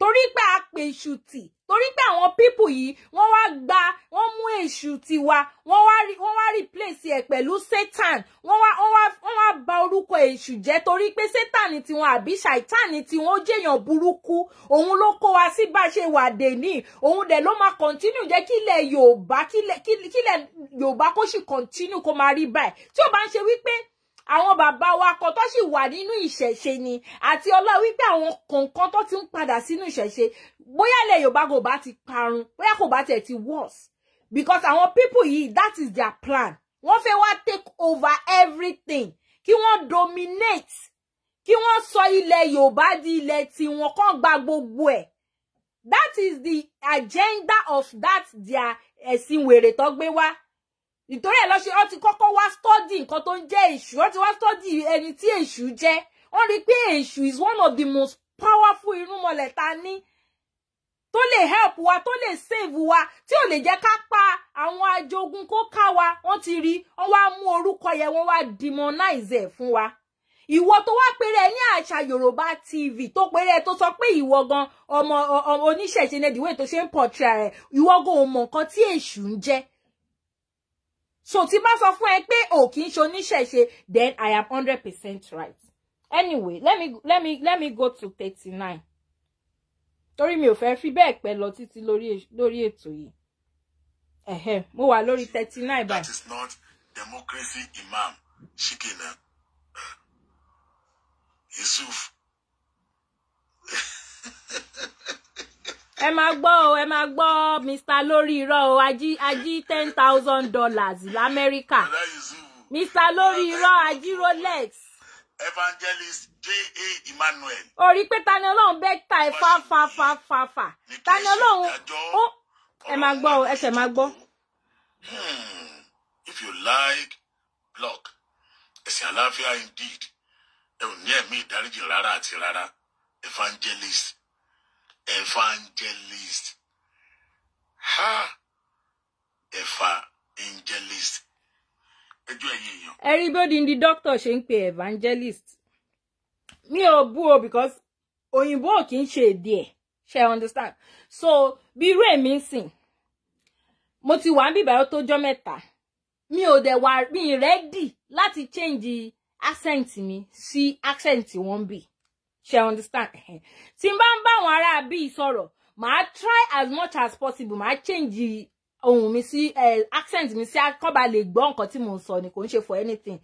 torí pé a pè èṣù tì torí pé àwọn pípù yìí wọ́n wá gba wọ́n mú èṣù wa wọ́n wá wọ́n wá replace ẹ̀ pẹ̀lú satan wọ́n wá wọ́n wá wọ́n wá bà orúkọ èṣù jẹ́ torí pé satan tiwọn àbí ṣàìtàn tiwọn ó jẹ́yàn burúkú òun ló kó wa sí bá ṣe wà dèní òun dẹ̀ ló máa continue jẹ́ kílẹ̀ yorùbá kílẹ̀ kílẹ̀ yorùbá kó sì continue kó máa rí báyìí tí ó bá ń ṣe wípé àwọn bàbá wa kan tó sì wà nínú ìṣẹ̀ṣe ni àti ọlá wípé àwọn kọ̀ọ̀kan tó ti ń padà sínú ìṣẹ̀ṣe bóyá ilẹ̀ Yorùbá kò bá ti parun bóyá kò bá tiẹ̀ ti worse because àwọn people yìí that is their plan wọ́n fẹ́ wá take over everything kí wọ́n dominate kí wọ́n sọ ilẹ̀ Yorùbá di ilẹ̀ tiwọn kàn gba gbogbo ẹ̀ that is the agenda of that their ẹ̀sìn wèrè tó gbé wá nítorí ẹ̀ lọ ṣe ó ti kọ́kọ́ wá study nǹkan tó ń jẹ́ èṣù ó ti wá study ẹni tí èṣù jẹ́ wọ́n rí i pé èṣù is one of the most powerful irúnmọlẹ̀ ta ní tó lè help wa tó lè save wa tí ò lè jẹ́ ká pa àwọn ajogun kó ká wa wọ́n ti rí wọ́n wá mú orúkọ yẹn wọ́n wá demonize ẹ̀ fún wa ìwọ tó wá péré ní àṣà yorùbá tv tó péré tó sọ pé ìwọ gan ọmọ oníṣẹ̀ṣe nẹdìwé tó ṣe ń pọtìrà rẹ ìwọ gan ò mọ nǹkan tí èṣù ń jẹ́ so tí bá sọ fún ẹ pé o kì í ṣe oníṣẹ̀ṣe then i am hundred percent right anyway let me let me let me go to thirty nine torí mi ò fẹ́ fi bẹ́ẹ̀ pẹ́ lori títí lórí ètò yìí ẹ̀hẹ́ mo wa lori thirty nine báyìí. that is not democracy imam shikina uh, yusuf. ẹ máa gbọ́ o ẹ máa gbọ́ mr lórí irọ́ o ají ají ten thousand dollars lamẹ́ríkà mr lórí irọ́ ají rolex. evangelist J. A. Emmanuel. orí pé Tani Olohun bẹ́ẹ̀ ta ẹ̀ fa fa fa fa fa Tani Olohun ó ẹ máa gbọ́ o ẹsẹ̀ máa gbọ́. Hmm, if you like block ẹ̀sìn àlàáfíà indeed ẹ ò ní ẹ̀mí ìdáríjì rárá àti rárá evangelist evangelist ha evangelist everybody in the doctor ṣe ń pe evangelist mi ò bú o because òyìnbó kì í ṣe èdè ẹ̀ ṣe understand so bí irú èmi ń sìn mo ti wà ń bíbá yóò tó jọ́ mẹ́ta mi ò dẹ̀ wà mí rẹ́dì láti change accent mi sí accent wọn bì She understand tí n bá ń bá àwọn ará bí sọ̀rọ̀ màá try as much as possible màá change ohun mi sí accent mi sí akọ́ba lè gbọ́ nǹkan tí mò ń sọ ni kò ń ṣe for anything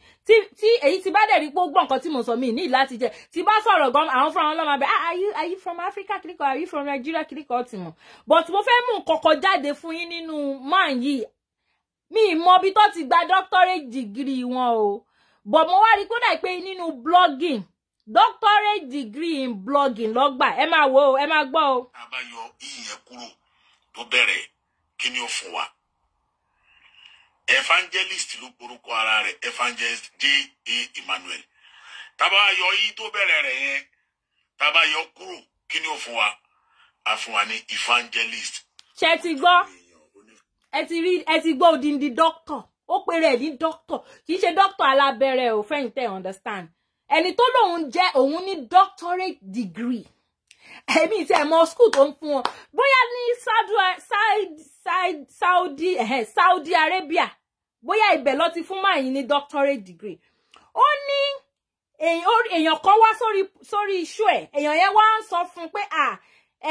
Ti èyí ti bá dẹ̀ rí pé ó gbọ́ nǹkan tí mò ń sọ mi ní láti jẹ́ tí bá sọ̀rọ̀ gan àwọn fúnra wọn lọ́mọ abẹ́ ah, are you are you from Africa kìlíkọ are you from Nigeria kìlíkọ ti mọ̀ but mo fe mú kọ̀kọ̀ jáde fún yín nínú man yìí mi mọ bí tó ti gba doctorate degree wọn o but mo wá rí kódà pé nínú blogging doctorate degree in blogging lọ́gbà ẹ máa wo ẹ máa gbọ́ o. a bá yọ ìyẹn kúrò tó bẹ̀rẹ̀ kí ni ó fún wa evangelist ló gborúkọ ara rẹ̀ evangelist J.A. E. Emmanuel tá a bá yọ yìí tó bẹ̀rẹ̀ rẹ̀ yẹn tá a bá yọ kúrò kí ni ó fún wa a fún wa ní evangelist. ṣe ti gbọ́ ẹ ti rí ẹ ti gbọ́ odindi doctor. ó pèrè ẹ̀ ní dókítà kì í ṣe dókítà alábẹ́rẹ́ ò fẹ́yìntẹ́ understand ẹni tó lóun jẹ́ òun ní doctorate degree èmi tí ẹ mọ school tó ń fún wọn bóyá ní Saudi Saudi Arabia bóyá ibẹ̀ ló ti fún máa ní doctorate degree ó ní èèyàn kan wá sórí iṣu ẹ̀ èèyàn yẹn wá ń sọ fún un pé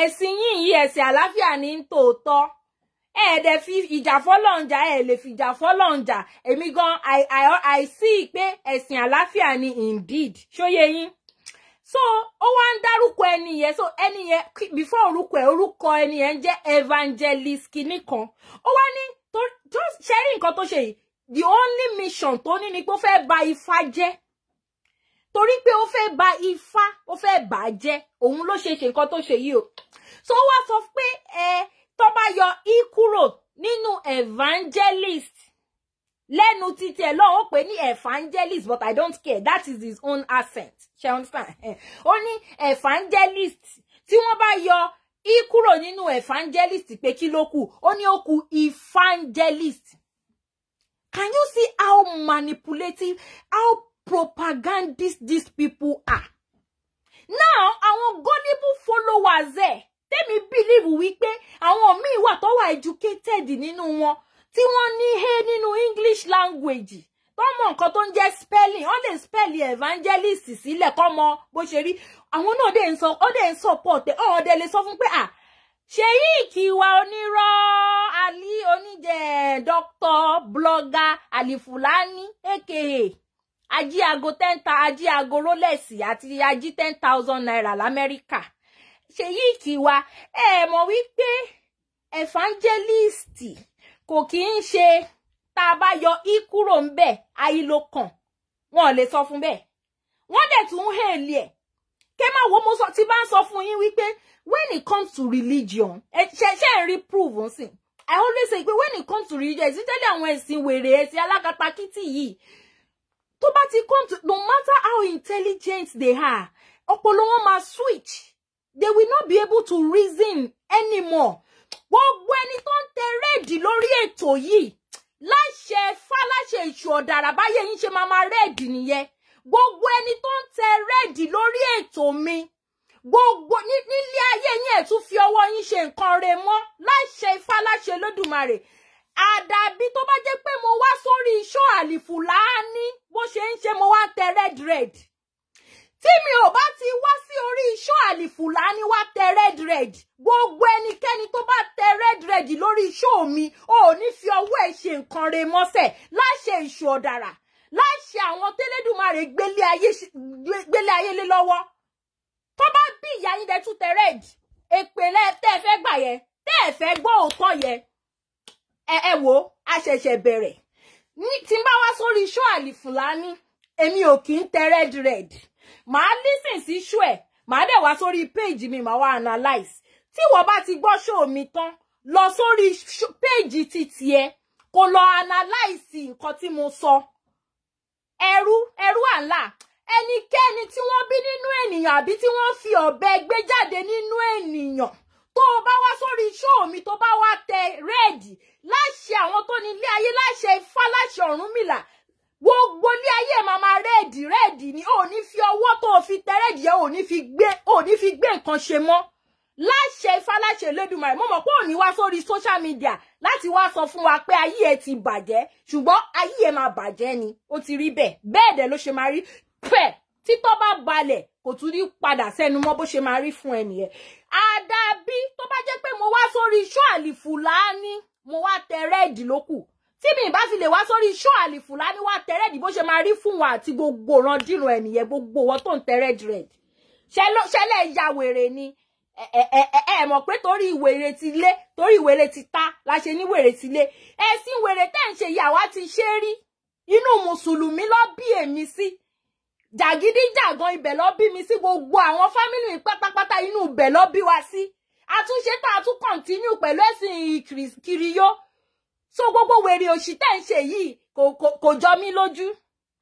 ẹ̀sìn yìí ẹ̀sìn àlàáfíà ní tòótọ́ ẹ dẹ̀ fi ìjà fọ́lọ́njà ẹ lè fi ìjà fọ́lọ́njà èmi gan àìsí pé ẹ̀sìn àlàáfíà ni indeed ṣóyẹ yín so ó wá ń dárúkọ ẹni yẹn so ẹni yẹn before orúkọ ẹ orúkọ ẹni yẹn jẹ́ evangelist kìíní kan ó wá ní ṣẹ́rí nǹkan tó ṣe yìí the only mission tó ní ni pé ó fẹ́ bà ifá jẹ́ torí pé ó fẹ́ bà ifá ó fẹ́ bà á jẹ́ òun ló ṣe ṣe nǹkan tó ṣe yìí o so ó wá sọ pé ẹ. Eh, tó bá yọ í kúrò nínú evangelist lẹ́nu títí ẹ̀ lọ́wọ́ pé ní evangelist but I don't care that is his own accent ṣe understand ó ní evangelist tí wọ́n bá yọ í kúrò nínú evangelist pé kí ló kù ó ní ó kù evangelist can you see how manipulative how propagandist these people are now àwọn gullible followers ẹ̀. Eh, tẹ́mi believe wípé àwọn míì wà tó wà educated nínú wọn tí wọ́n ní he nínú English language tó mọ nǹkan tó ń jẹ́ spelling wọ́n lè spell evangelist sílẹ̀ kọ́ mọ bó ṣe rí àwọn náà dẹ̀ ń sọ ó dẹ̀ ń support ọ̀hún ọ̀dẹ̀ lè sọ fún pé ah ṣèyí ìkìwà onírọ́ alí oníjẹ dr blogger alifulani aka ají aago ten ta ají aago rolex àti ají ten thousand naira lamẹ́ríkà ṣèyí ìkìwà ẹ mọ̀ wípé evangelist kò kì í ṣe tá a bá yọ í kúrò ń bẹ̀ ayé wọn ò lè sọ fún bẹ́ẹ̀ wọ́n dẹ̀ tún ń hèlì ẹ̀ kẹ́ máa wo mo sọ tí bá ń sọ fún yín wípé when it comes to religion ẹ ṣe ṣe ń rí prove ń sìn I always say pé when it comes to religion ẹ̀sìn tẹ́lẹ̀ àwọn ẹ̀sìn wèrè ẹ̀sìn alákatakítí yìí tó bá ti come to no matter how intelligent they are ọpọlọ wọn máa switch they will not be able to reason anymore gbogbo ẹni tó ń tẹ réèdì lórí ètò yìí láṣẹ fáláṣẹ ìṣù ọ̀dàrà báyé yín ṣe máa máa réèdì nìyẹn gbogbo ẹni tó ń tẹ réèdì lórí ètò mi gbogbo nílé ayé yín ẹ̀ tún fi ọwọ́ yín ṣe nǹkan rẹ mọ́ láṣẹ fáláṣẹ lódùmarè àdàbí tó bá jẹ́ pé mo wá sórí iṣọ́ àlìfùlà á ní bó ṣe ń ṣe mo wá tẹ red red tí mi ò bá ti wá sí orí iṣọ́ àlìfùlání wá tẹ red red gbogbo ẹnikẹ́ni tó bá tẹ red red lórí iṣọ́ mi ò ní fi ọwọ́ ẹ̀ ṣe nǹkan re mọ́sẹ̀ láṣẹ ìṣù ọ̀dàrà láṣẹ àwọn tẹ́lẹ́dùmarè gbélé ayé lé lọ́wọ́ tó bá bí ìyá yín dẹ tún tẹ red èpèlẹ tẹ́ ẹ fẹ́ gbà yẹ tẹ́ ẹ fẹ́ gbọ́ òótọ́ yẹ ẹ ẹ wò a ṣẹ̀ṣẹ̀ bẹ̀rẹ̀ ní tí n bá wá sórí iṣọ́ àlìfùlání èmi ò kì í tẹ red red. Ma listen si ṣú ẹ̀ màá dẹ̀ wá sórí péèjì mi màá wá analyse tí wọ́n ba ti gbọ́ show mi lo lọ sórí péèjì títí ẹ kó lọ analyse nǹkan ti mo sọ eru ẹrú àlà ẹnikẹ́ni tí wọ́n bí nínú ènìyàn àbí tí wọ́n fi ọ̀bẹ gbé jáde nínú ènìyàn tó o bá wá sórí ṣó mi tó bá wá tẹ rẹ́ẹ̀dì láṣẹ àwọn tó ní ilé ayé láṣẹ ifá láṣẹ ọ̀rúnmìlà gbogbo ilé ayé máa máa réèdì ni ò ní fi ọwọ́ tó o fi tẹ réèdì yẹn ò ní fi gbé ò ní fi gbé nǹkan ṣe mọ́ láṣẹ ifá láṣẹ Elédùmarè mo mọ̀ pé ò ní wá sórí social media láti wá sọ fún wa pé ayé ẹ ti bàjẹ́ ṣùgbọ́n ayé ẹ máa bàjẹ́ ni ó ti rí bẹ́ẹ̀ bẹ́ẹ̀ dẹ̀ ló ṣe máa rí pẹ̀ títọ́ bá balẹ̀ kò tún ní padà sẹ́nu mọ́ bó ṣe máa rí fún ẹnìyẹn àdàbí tó bá jẹ́ pé mo wá sórí iṣọ́ àlìfùlání mo wá tẹ réèdì lókù tí mi bá fi lè wá sórí ṣó àlìfùlání wá tẹrẹdì bó ṣe máa rí fún wa àti gbogbo ran dìrò ẹnìyẹn gbogbo wọn tó ń tẹrẹdì rẹ ṣẹlẹ ya wèrè ni ẹ mọ̀ pé torí wèrè ti lé torí wèrè ti ta la ṣe ní wèrè ti lé ẹ̀sìn wèrè tẹ́ ń ṣe yàwá ti ṣe rí inú mùsùlùmí ló bí èmi sí jàgídíjàgan ibẹ̀ ló bí mi sí gbogbo àwọn fámìlì mi pátápátá inú ibẹ̀ ló bí wa sí àtúnṣe tá a tún kọ̀ǹtínú pẹ̀lú ẹ̀sìn kìrìyó so gbogbo wèrè òṣì tẹ́ ń ṣe yìí kò kò kò jọ mí lójú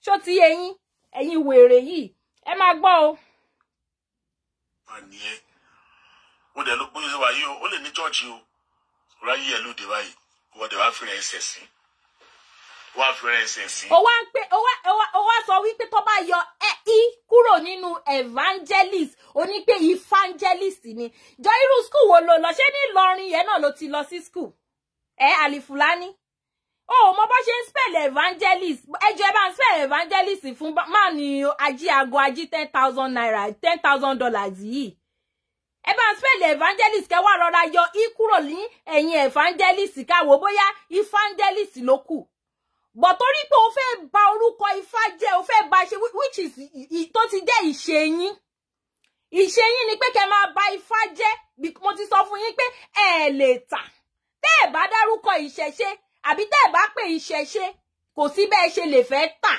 ṣó ti ẹ̀yin ẹ̀yin wèrè yìí ẹ máa gbọ́ o. àníyẹ mo dẹ̀ ló gbóyè wá yìí o ó lè ní jọ́ọ̀jì o ráyé ẹ̀ lóde báyìí wọ́n dẹ̀ wá fìrẹ̀ ẹsẹ̀ sí wọ́n á fìrẹ̀ ẹsẹ̀ sí. ó wá pé ó wá ó wá sọ wípé tó bá yọ ẹ í kúrò nínú evangelist ó ní pé evangelist ni jọ irú school wo ló lọ ṣé ní Ìlọrin yẹn náà ló ti lọ sí school. Ali Fulani. o mọ bó ṣe ń spell evangelist ẹjọ ẹ bá ń spell evangelist fún máa ní ají aago ají ten thousand naira ten thousand dollars yìí ẹ bá ń spell evangelist kẹ wá rọra yọ í ni ní ẹ̀yìn evangelist káwọ bóyá evangelist ló kù bọ̀ torí pé o fẹ́ bà orúkọ ifa je o fẹ́ bà ṣe which is tó ti jẹ́ ìṣe yín ìṣe yín ni pé kẹ́ máa bà ifá jẹ́ mo ti sọ fún yín pé ẹ lè tà tẹ́ ẹ̀ bá dárúkọ ìṣẹ̀ṣe àbí tẹ́ ẹ̀ bá pè ìṣẹ̀ṣe kò sí bẹ́ẹ̀ ṣe lè fẹ́ tà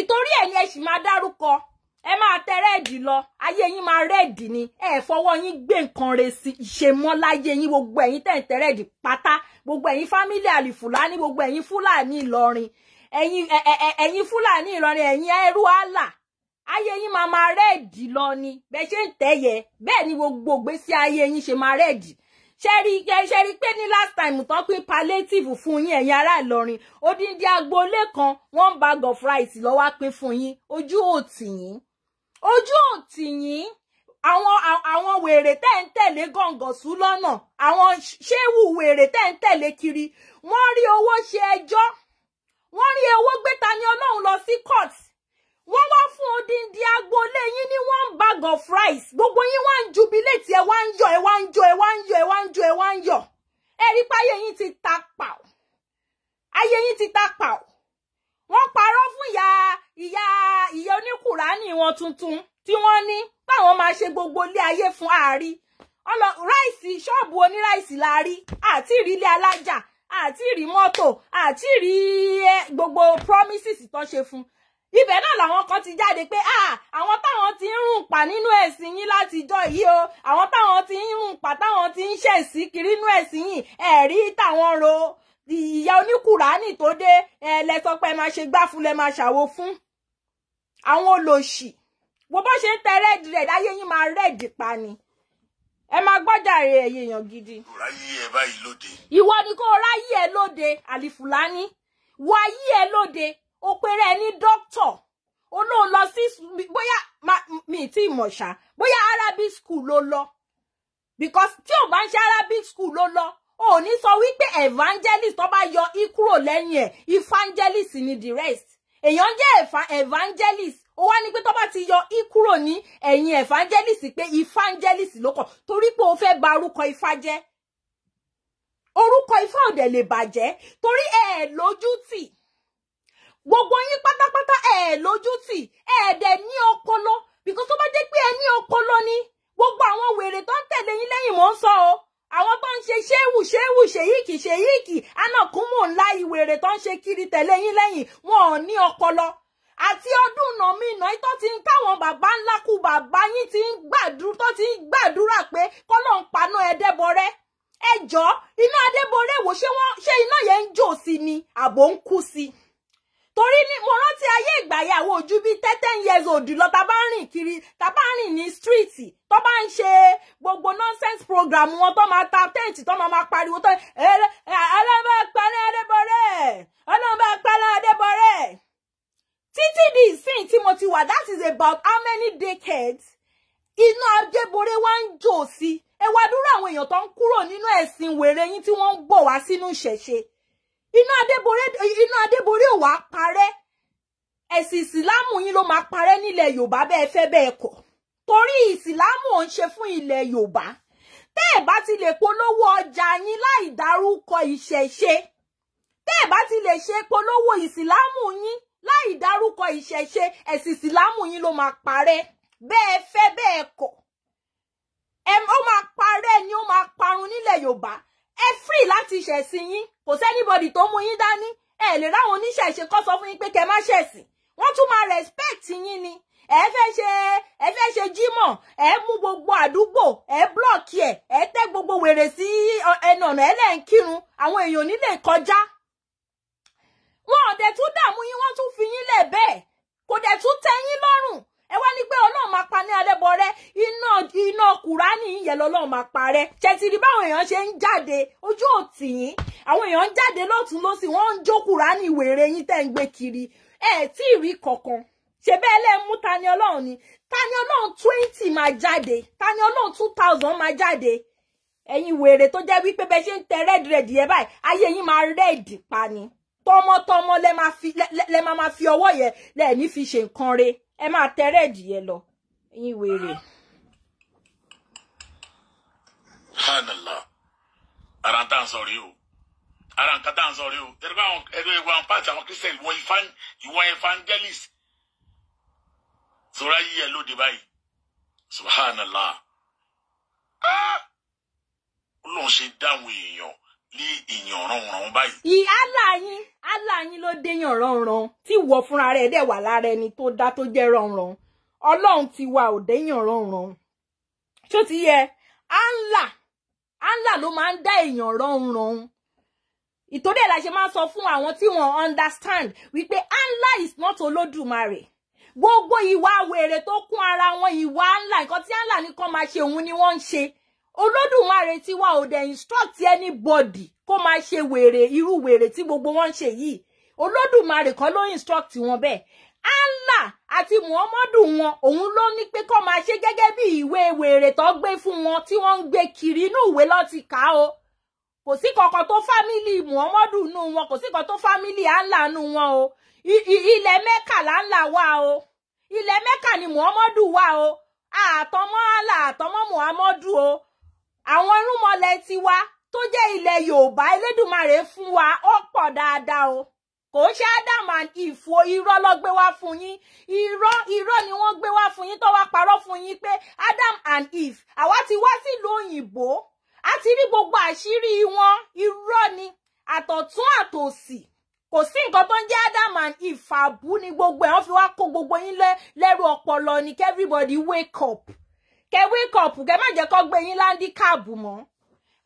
ìtorí ẹ̀ ni ẹ sì máa dárúkọ ẹ máa tẹ rẹ́ẹ̀dì lọ ayé yín máa rẹ́ẹ̀dì ni ẹ fọwọ́ yín gbé nǹkan re sí ṣe mọ́ láyé yín gbogbo ẹ̀yin tẹ̀ ń tẹ rẹ́ẹ̀dì pátá gbogbo ẹ̀yin fámílì àlìfùlání gbogbo ẹ̀yin fúlàní ìlọrin ẹ̀yin ẹ̀yin fúlàní ìlọrin ẹ̀yin ẹrú àlà ayé yín máa máa rẹ́ẹ̀dì lọ ni bẹ́ẹ̀ ṣe ń tẹ̀yẹ bẹ́ẹ̀ ni gbogbo ìgbésí ayé yín ṣe máa rẹ́ẹ̀dì ṣẹ́rí ṣẹ́rí pé ní last time tán pín palliative fún yín ẹ̀yin ará Ìlọrin odindi agboolé kan one bag of rice ló wá pín fún yín ojú òtì yín ojú òtì yín àwọn àwọn wèrè tẹ́ ń tẹ̀lé gọ̀ǹgọ̀sù lọ́nà àwọn ṣéwù wèrè tẹ́ ń tẹ̀lé kiri wọ́n rí owó ṣe ẹjọ́ wọ́n rí owó gbé Tani Olohun lọ sí court wọ́n wá fún odindi agboolé yín ní one bag of rice gbogbo yín wá ń jubilate ẹ wá ń yọ ẹ wá ń yọ ẹ wá ń yọ ẹ wá ń yọ ẹ wá ń yọ ẹ rí pé ayé yín ti ta pa ọ ayé yín ti ta pa ọ wọ́n parọ́ fún ìyá ìyá ìyá oníkùránì wọn tuntun tí wọ́n ní báwọn máa ṣe gbogbo ilé ayé fún ààrí ọlọ ráìsì ṣọ́ọ̀bù oníráìsì la rí àti ìrí ilé alájà àti ìrí mọ́tò àti ìrí gbogbo promises tó ṣe fún ibẹ̀ náà làwọn kan ti jáde pé àwọn táwọn ti ń rùn pa nínú ẹ̀sìn yín látijọ́ yìí o àwọn táwọn ti ń rùn pa táwọn ti ń ṣèṣì kiri nínú ẹ̀sìn yìí ẹ̀rí táwọn ro ìyá oníkùránì tó dé ẹ lẹ sọ pé ẹ máa ṣe gbáfun lẹ máa ṣàwo fún àwọn olòṣì wo bó ṣe ń tẹ rẹ́ẹ̀dì rẹ̀ láyé yín máa rẹ́ẹ̀dì pa ni ẹ máa gbọ́jà rẹ̀ ẹ̀yẹ èèyàn gidi. ìwọ ni kò ráyè ẹ lóde àlìfùlání wọ ayé ẹ lóde ó péré ní dókítọ̀ ó lóun lọ boya bóyá mi ì tí ì mọ̀ arabic school ló lọ because tí ò bá ń arabic school ló lọ ò ní sọ wípé evangelist tó bá yọ í kúrò lẹ́yìn evangelist ni the rest èèyàn jẹ́ evangelist ó wá ní pé tó bá ti yọ í kúrò ní evangelist pe evangelist ló kọ̀ torí pé o fẹ́ ba orúkọ ifá ifa o ifá ò dẹ̀ lè bàjẹ́ torí ẹ̀ gbogbo yín pátápátá ẹ lójú tì ẹ dẹ̀ ní ọpọlọ because tó bá jẹ́ pé ẹ ní ọpọlọ ni gbogbo àwọn wèrè tó ń tẹ̀lé yín lẹ́yìn mò ń sọ o àwọn tó ń ṣe ṣéwù ṣéwù ṣèyíkì ṣèyíkì anàkúnmù ńlá ìwèrè tó ń ṣe kiri tẹ̀lé yín lẹ́yìn wọn ò ní ọpọlọ àti ọdún nàmínà tó ti ń káwọn bàbá ńlá kú bàbá yín ti ń gbàdúrà tó ti ń gbàdúrà pé kọ́lọ́ ń paná ẹ̀dẹ́bọrẹ́ ẹjọ́ iná adébọrẹ́ wò ṣé iná yẹn ń jò sí ni àbò ń kú sí i torí ní mo rántí ayé ìgbà yẹn àwọn ojú bíi ten years old lọ tá bá ń rìn kiri tá bá ń rìn ní street tó bá ń ṣe gbogbo nonsense program wọn tó máa ta tent tó máa máa pariwo tó ọlọ́mọ pálá adébọ̀rẹ́ ọlọ́mọ pálá adébọ̀rẹ́ títí di ìsìn tí mo ti wà that is about how many decades iná adébọ̀rẹ́ wá ń jò sí ẹ wá dúró àwọn èèyàn tó ń kúrò nínú ẹ̀sìn wèrè yín tí wọ́n ń bọ̀ wá sínú ìṣẹ̀ṣe iná adébórè iná adébórè ò wá parẹ́ ẹ̀sìn ìsìláàmù yín ló máa parẹ́ nílẹ̀ yorùbá bẹ́ẹ̀ fẹ́ bẹ́ẹ̀ kọ̀ torí ìsìláàmù ò ń ṣe fún ilẹ̀ yorùbá tẹ́ ẹ̀ bá ti lè polówó ọjà yín láì dárúkọ ìṣẹ̀ṣe tẹ́ ẹ̀ bá ti lè ṣe polówó ìsìláàmù yín láì dárúkọ ìṣẹ̀ṣe ẹ̀sìn ìsìláàmù yín ló máa parẹ́ bẹ́ẹ̀ fẹ́ bẹ́ẹ̀ kọ̀ ẹ ó máa parẹ́ ni ó máa parun nílẹ̀ yorùbá ẹ free láti ṣẹ̀sìn yín kò sẹ́nibọ̀dì tó mú yín dání ẹ lè ráwọn oníṣẹ̀ṣe kọ́ sọ fún yín pé kẹ́ má ṣẹ̀sìn wọ́n tún máa respect yín ni ẹ fẹ́ ṣe ẹ fẹ́ ṣe jímọ̀ ẹ mú gbogbo àdúgbò ẹ blọ́ọ̀kì ẹ ẹ tẹ́ gbogbo wèrè sí ẹnu ọ̀nà ẹlẹ́ ń kírun àwọn èèyàn nílé kọjá wọn ò dẹ̀ tún dààmú yín wọ́n tún fi yín lẹ̀ bẹ́ẹ̀ kò dẹ̀ tún tẹ́ yín lọ́rùn ẹ wá ní pé ọlọ́run máa pa ní alẹ́bọ rẹ iná iná kùránì yẹn lọ́lọ́run máa pa rẹ ṣètìrí báwọn èèyàn ṣe ń jáde ojú òtì yín àwọn èèyàn ń jáde lọ́tún lọ́sìn wọ́n ń jó kùránì wèrè yín tẹ́ ń gbé kiri ẹ̀ tí ì rí kankan ṣe bẹ́ẹ̀ lẹ́ mú Tani Olohun ni Tani Olohun twenty máa jáde Tani Olohun two thousand máa jáde ẹ̀yin wèrè tó jẹ́ wípé bẹ́ẹ̀ ṣe ń tẹ rẹ́ẹ̀dì rẹ́ẹ̀dì yẹn báyìí ayé yín máa rẹ́ẹ̀dì pa ni tọmọtọmọ lẹ máa fi ọwọ́ yẹn lẹ́ẹ̀ ní fi ṣe nǹkan re ẹ máa tẹ́rẹ̀ ìdìyẹ lọ ẹ̀yin wèrè. hànàlá ara ń tà ń sọrí o ara nǹkan tà ń sọrí o tẹ̀lé bá ẹ̀rọ ìwà ń pàtàkì àwọn kristian ìwọ evangelist sọ̀rọ̀ ayé ẹ̀ lóde báyìí subhanallah ah! ó lóun ṣe dáhùn èèyàn lé èèyàn ránran báyìí. ìyá aláyin aláyin ló déyàn ránran tí wọ fúnra rẹ̀ dẹ̀ wà lára ẹni tó dá tó jẹ́ ránran Ọlọ́run ti wà ò déyàn ránran ṣó ti yẹ Allah Allah ló máa ń dá èèyàn ránran ìtorí ẹ̀ la ṣe máa ń sọ fún àwọn tí wọ́n understand wípé Allah is not Olódùmarè gbogbo ìwà wèrè tó kún ara wọn ìwà Allah nǹkan tí Allah ní kó máa ṣe òun ni wọ́n ń ṣe olódùmarè tí wà ò dẹ̀ instruct anybody kó máa ṣe wèrè irú wèrè tí gbogbo wọn ń ṣe yìí olódùmarè kan ló instruct wọn bẹ́ẹ̀ Allah àti Muhammadu wọn òun ló ní pé kó máa ṣe gẹ́gẹ́ bí ìwé wèrè tó gbé fún wọn tí wọ́n ń gbé kiri inú ìwé ló ti o kò sí kankan tó fámìlì Muhammadu nù wọn kò sí kankan tó fámìlì Allah nù wọn o ilẹ̀ Mẹ́kà là ń là o ilẹ̀ Mẹ́kà ni Muhammadu wà o àtọmọ́ Allah àtọmọ́ Muhammadu o àwọn irúnmọlẹ̀ tiwa tó jẹ́ ilẹ̀ yorùbá elédùnmarè fún wa ó pọ̀ dáadáa o kò ṣe adam and ifo irọ́ ló gbé wá fún yín irọ́ irọ́ ni wọ́n gbé wá fún yín tó wá parọ́ fún yín pé adam and eve àwa ti wá sílùú òyìnbó a ti rí gbogbo àṣírí wọn irọ́ ni àtọ̀tún àtòsì kò sí nǹkan tó ń jẹ́ adam and eve àbú ni gbogbo ẹ̀ wọ́n fi wá kó gbogbo yín lẹ́rù ọpọlọ ni kí everybody wake up kẹ wake up kẹ má jẹ́ kó gbé yín láńdíkàbù mọ́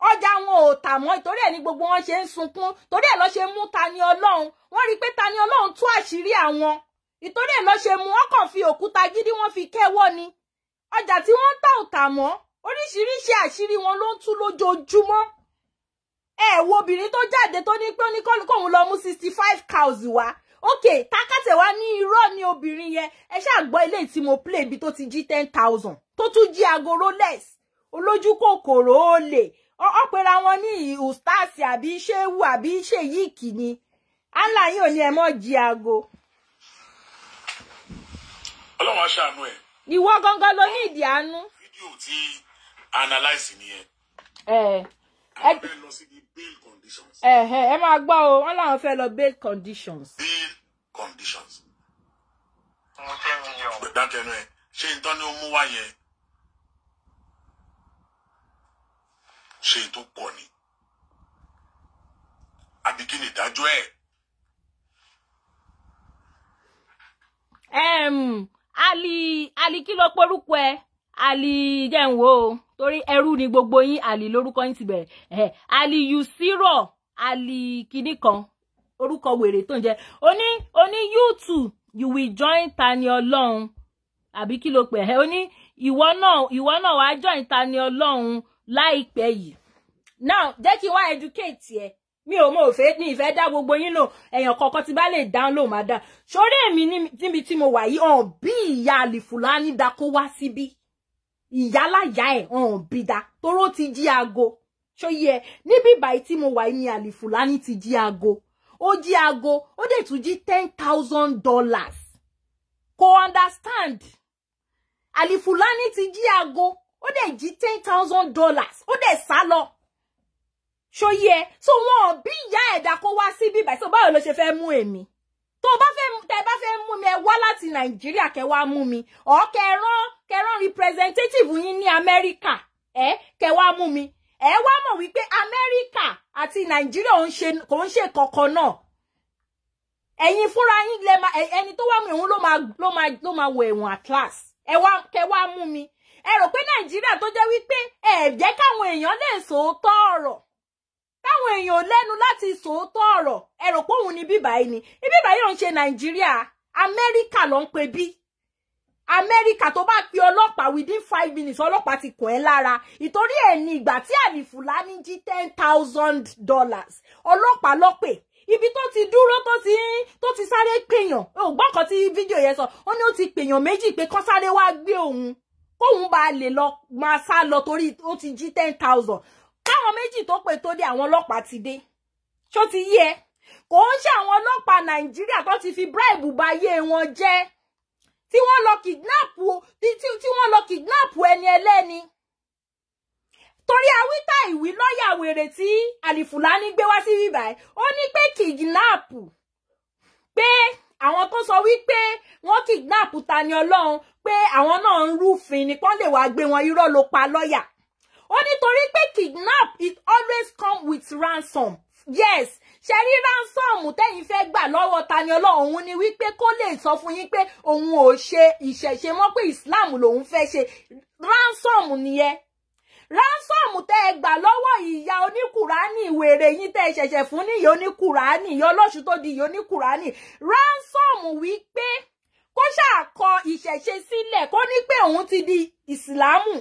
ọjà wọn ò tà mọ́ ìtorí ẹ̀ ní gbogbo wọn ṣe ń sunkún torí ẹ̀ lọ ṣe mú Tani Olohun wọ́n rí i pé Tani Olohun tú àṣírí àwọn ìtorí ẹ̀ lọ ṣe mú ọkàn fi òkúta gidi wọ́n fi kẹ́wọ́ ni ọjà ti wọ́n ń tà ò tà mọ́ oríṣiríṣi àṣírí wọn ló ń tú lójoojúmọ́ wo obìnrin tó jáde tó ní pé ó ní kọ́ni kóun lọ mú sixty five cows wa. Okay, takate wá ni irọ́ ni obìnrin yẹn ẹ ṣáà gbọ́ ilé tí mo play ibi tó ti jí ten thousand tó tún jí aago rolex olójú kòkòrò olè ọpẹra wọn ní ustaasi àbí ṣéwù àbí ṣèyíkì ni aláyé ò ní ẹ mọ jí aago. ọlọ́run aṣáánú ẹ̀. ìwọ gangan ló ní ìdí àánú. fídíò tí analyze nìyẹn. ẹ ẹ ẹ ẹ máa gbọ́ o wọ́n láwọn fẹ́ lọ bail conditions. bail conditions. mo tẹ́ mi yàn. dákẹ́nu ẹ ṣé n ó mú wá yẹn ṣe tó pọ̀ ni àbí kí ni ìdájọ́ ẹ̀. ali ali kí ló porúkọ ẹ ali jẹun o torí ẹrú ni gbogbo yín ali lórúkọ yín ti bẹ̀rẹ̀ eh, ali yusiro ali kinní kan orúkọ wèrè tó ń jẹ oní oní yúùtù you will join Tani Olohun àbí kí ló pè é oní ìwọ náà ìwọ náà wàá join Tani Olohun láìpẹ́ yìí now jẹ́ ki wa educate yẹ mi ò mọ òfé ní ìfẹ́ dá gbogbo yín lò èèyàn kọ̀ọ̀kan tí bá lè download máa dá sórí èmi níbi tí mo wa yìí on bi ìyá àlìfùlání da kó wá síbí ìyáláyà ẹ̀ ọ̀n bí da toró ti jí aago ṣóyí ẹ níbí ìbàyí tí mo wà yìí àlìfùlání ti jí aago ó jí aago ó dẹ̀ tún jí ten thousand dollars kò understand àlìfùlání ti jí aago ó dẹ̀ jí ten thousand dollars ó dẹ̀ sá lọ ṣòye ẹ so wọn bí ìyá ẹ̀dá kó wá sí bíbá so báwo ló ṣe fẹ́ mú èmi to ba fe tẹ bá fẹ́ mú mi ẹ wá láti nàìjíríà kẹ wá mú mi ọ kẹrán kẹrán representative yín ní amẹ́ríkà ẹ kẹ wá mú mi ẹ wá mọ̀ wípé amẹ́ríkà àti nàìjíríà kò ń ṣe kankan náà ẹ̀yin fúnra yín lè máa ẹni tó wá mú òun ló máa ló máa ló máa wọ ẹ̀wọ̀n atlas ẹ wá kẹ wá mú mi ẹ rò pé nàìjíríà tó jẹ́ wípé ẹ jẹ́ káwọn èèyàn lè sòótọ́ ọ̀rọ̀ táwọn èèyàn lẹ́nu láti sòótọ́ ọ̀rọ̀ ẹ rò pé òun ni bíbá yìí ni bíbá yìí ò ń ṣe nàìjíríà amẹ́ríkà ló ń pe bí amẹ́ríkà tó bá pe ọlọ́pàá within five minutes ọlọ́pàá ti kàn ẹ́ lára ìtorí ẹ̀ ní ìgbà tí àlì fúlàní jí ten thousand dollars ọlọ́pàá lọ́pẹ̀ ibi tó ti dúró tó ti tó ti sáré pèèyàn ògbọ́n kan tí fídíò yẹn sọ ó ní ó ti pèèyàn méjì pé kán sáré wá gbé òun kóun bá lè lọ máa sá lọ torí ó ti jí ten thousand àwọn méjì tó pè tó dé àwọn ọlọ́pàá ti dé ṣó ti yé ẹ kò ń ṣe àwọn ọlọ́pàá nàìjíríà tó ti fi bíráìbù ba ayé wọn jẹ́ tí wọ́n lọ kìdínápù tí wọ́n lọ kìdínápù ẹni ẹlẹ́ni torí awíta ìwí lọ́ọ̀yà wèrè tí àlìfùlání gbé wá sí bíbá ẹ̀ ó ní pé kìdínápù pé àwọn tó sọ wípé wọ́n kìdínápù ta ni ọlọ́run pé àwọn náà ń rúfin ni kán lè wá gbé wọn irọ́ ló pa lọ́ọ̀yà ó nítorí pé kidnap it always come with ransom yes ṣe rí ransom tẹ́yìn fẹ́ gbà lọ́wọ́ Tani òun ni wípé kó lè sọ fún yín pé òun ò ṣe ìṣẹ̀ṣe mọ́ pé Islam lòun fẹ́ ṣe ransom nìyẹn ransom tẹ́ ẹ gbà lọ́wọ́ ìyá oníkùránì wèrè yín tẹ́ ẹ ṣẹ̀ṣẹ̀ fún níyà oníkùránì ìyá olóṣù tó di ìyá oníkùránì ransom wípé kó ṣàkọ ìṣẹ̀ṣe sílẹ̀ kó ní pé òun ti di ìsìlámù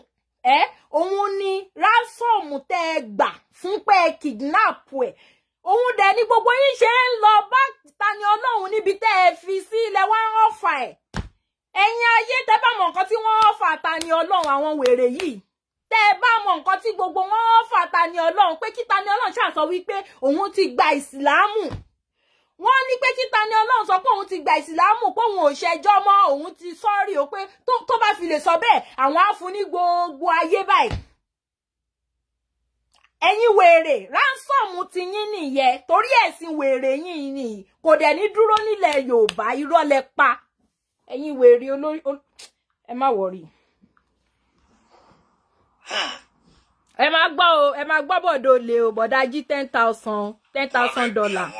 ẹ òun ni ransom tẹ ẹ gbà fún pé ẹ kidnap ẹ òun dẹ̀ ni gbogbo yín ṣe ń lọ bá Tani Olohun níbi tẹ́ ẹ fi sí ilẹ̀ wá ń ọ̀fà ẹ̀ ẹ̀yin ayé tẹ́ bá mọ nǹkan tí wọ́n ọ̀fà Tani Olohun àwọn wèrè yìí tẹ́ ẹ bá mọ nǹkan tí gbogbo wọn ọ̀fà Tani Olohun pé kí Tani Olohun ṣàsọ wípé òun ti gba ìsìlámù wọ́n ní pé títa ni ọlọ́run sọ pé òun ti gba ìsìlámù pé òun ò ṣẹjọ́ mọ́ òun ti sọ́ọ̀rì o pé tó bá fi lè sọ bẹ́ẹ̀ àwọn á fún ní gbogbo ayé báyìí ẹ̀yin wèrè ránsọ̀mù ti yín nìyẹn torí ẹ̀sìn wèrè yín ni kò dẹ̀ ní dúró nílẹ̀ yorùbá irọ́ lẹ pa ẹ̀yin wèrè olórí ẹ má wọ̀rì ẹ má gbọ́ bọ̀dọ̀ lè o bọ̀dá jí ten thousand ten thousand dollar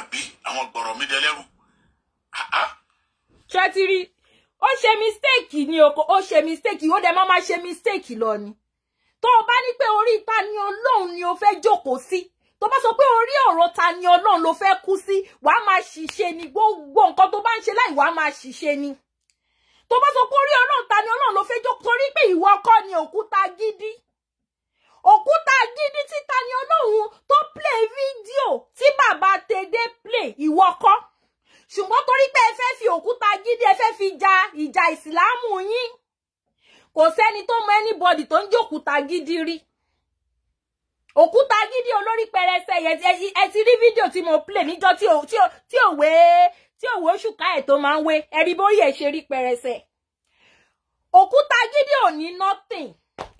àbí àwọn gbọ̀rọ̀ mi dẹlẹ́rù. ṣètìrí ó ṣe mistake ni o ó ṣe mistake ó dẹ̀ máa ma ṣe mistake lọ ni tó o bá ní pé orí ta ni ọlọ́run ni o fẹ́ jókòó sí tó bá sọ pé orí ọ̀rọ̀ ta ni ọlọ́run ló fẹ́ kú sí wàá máa ṣìṣe ni gbogbo nǹkan tó bá ń ṣe láì wàá máa ṣìṣe ni tó bá sọ pé orí ọlọ́run ta ni ọlọ́run ló fẹ́ jókòó torí pé ìwọ kọ́ ni òkúta gidi òkúta dídí títa ni olóhùn tó play fídíò tí bàbá tèdè play ìwọ kọ́ ṣùgbọ́n torí pé ẹ fẹ́ fi òkúta gidi ẹ fẹ́ fi ja ìjà ìsìláàmù yín kò sẹ́ni tó mọ anybody tó ń jẹ́ òkúta gidi rí òkúta gidi olórí pẹrẹsẹ ẹ ti rí fídíò tí mo play níjọ́ tí òwe tí òwe oṣù ká ẹ̀ tó máa ń wé ẹ̀rí bórí ẹ̀ ṣe rí pẹrẹsẹ òkúta gidi ò ní nothing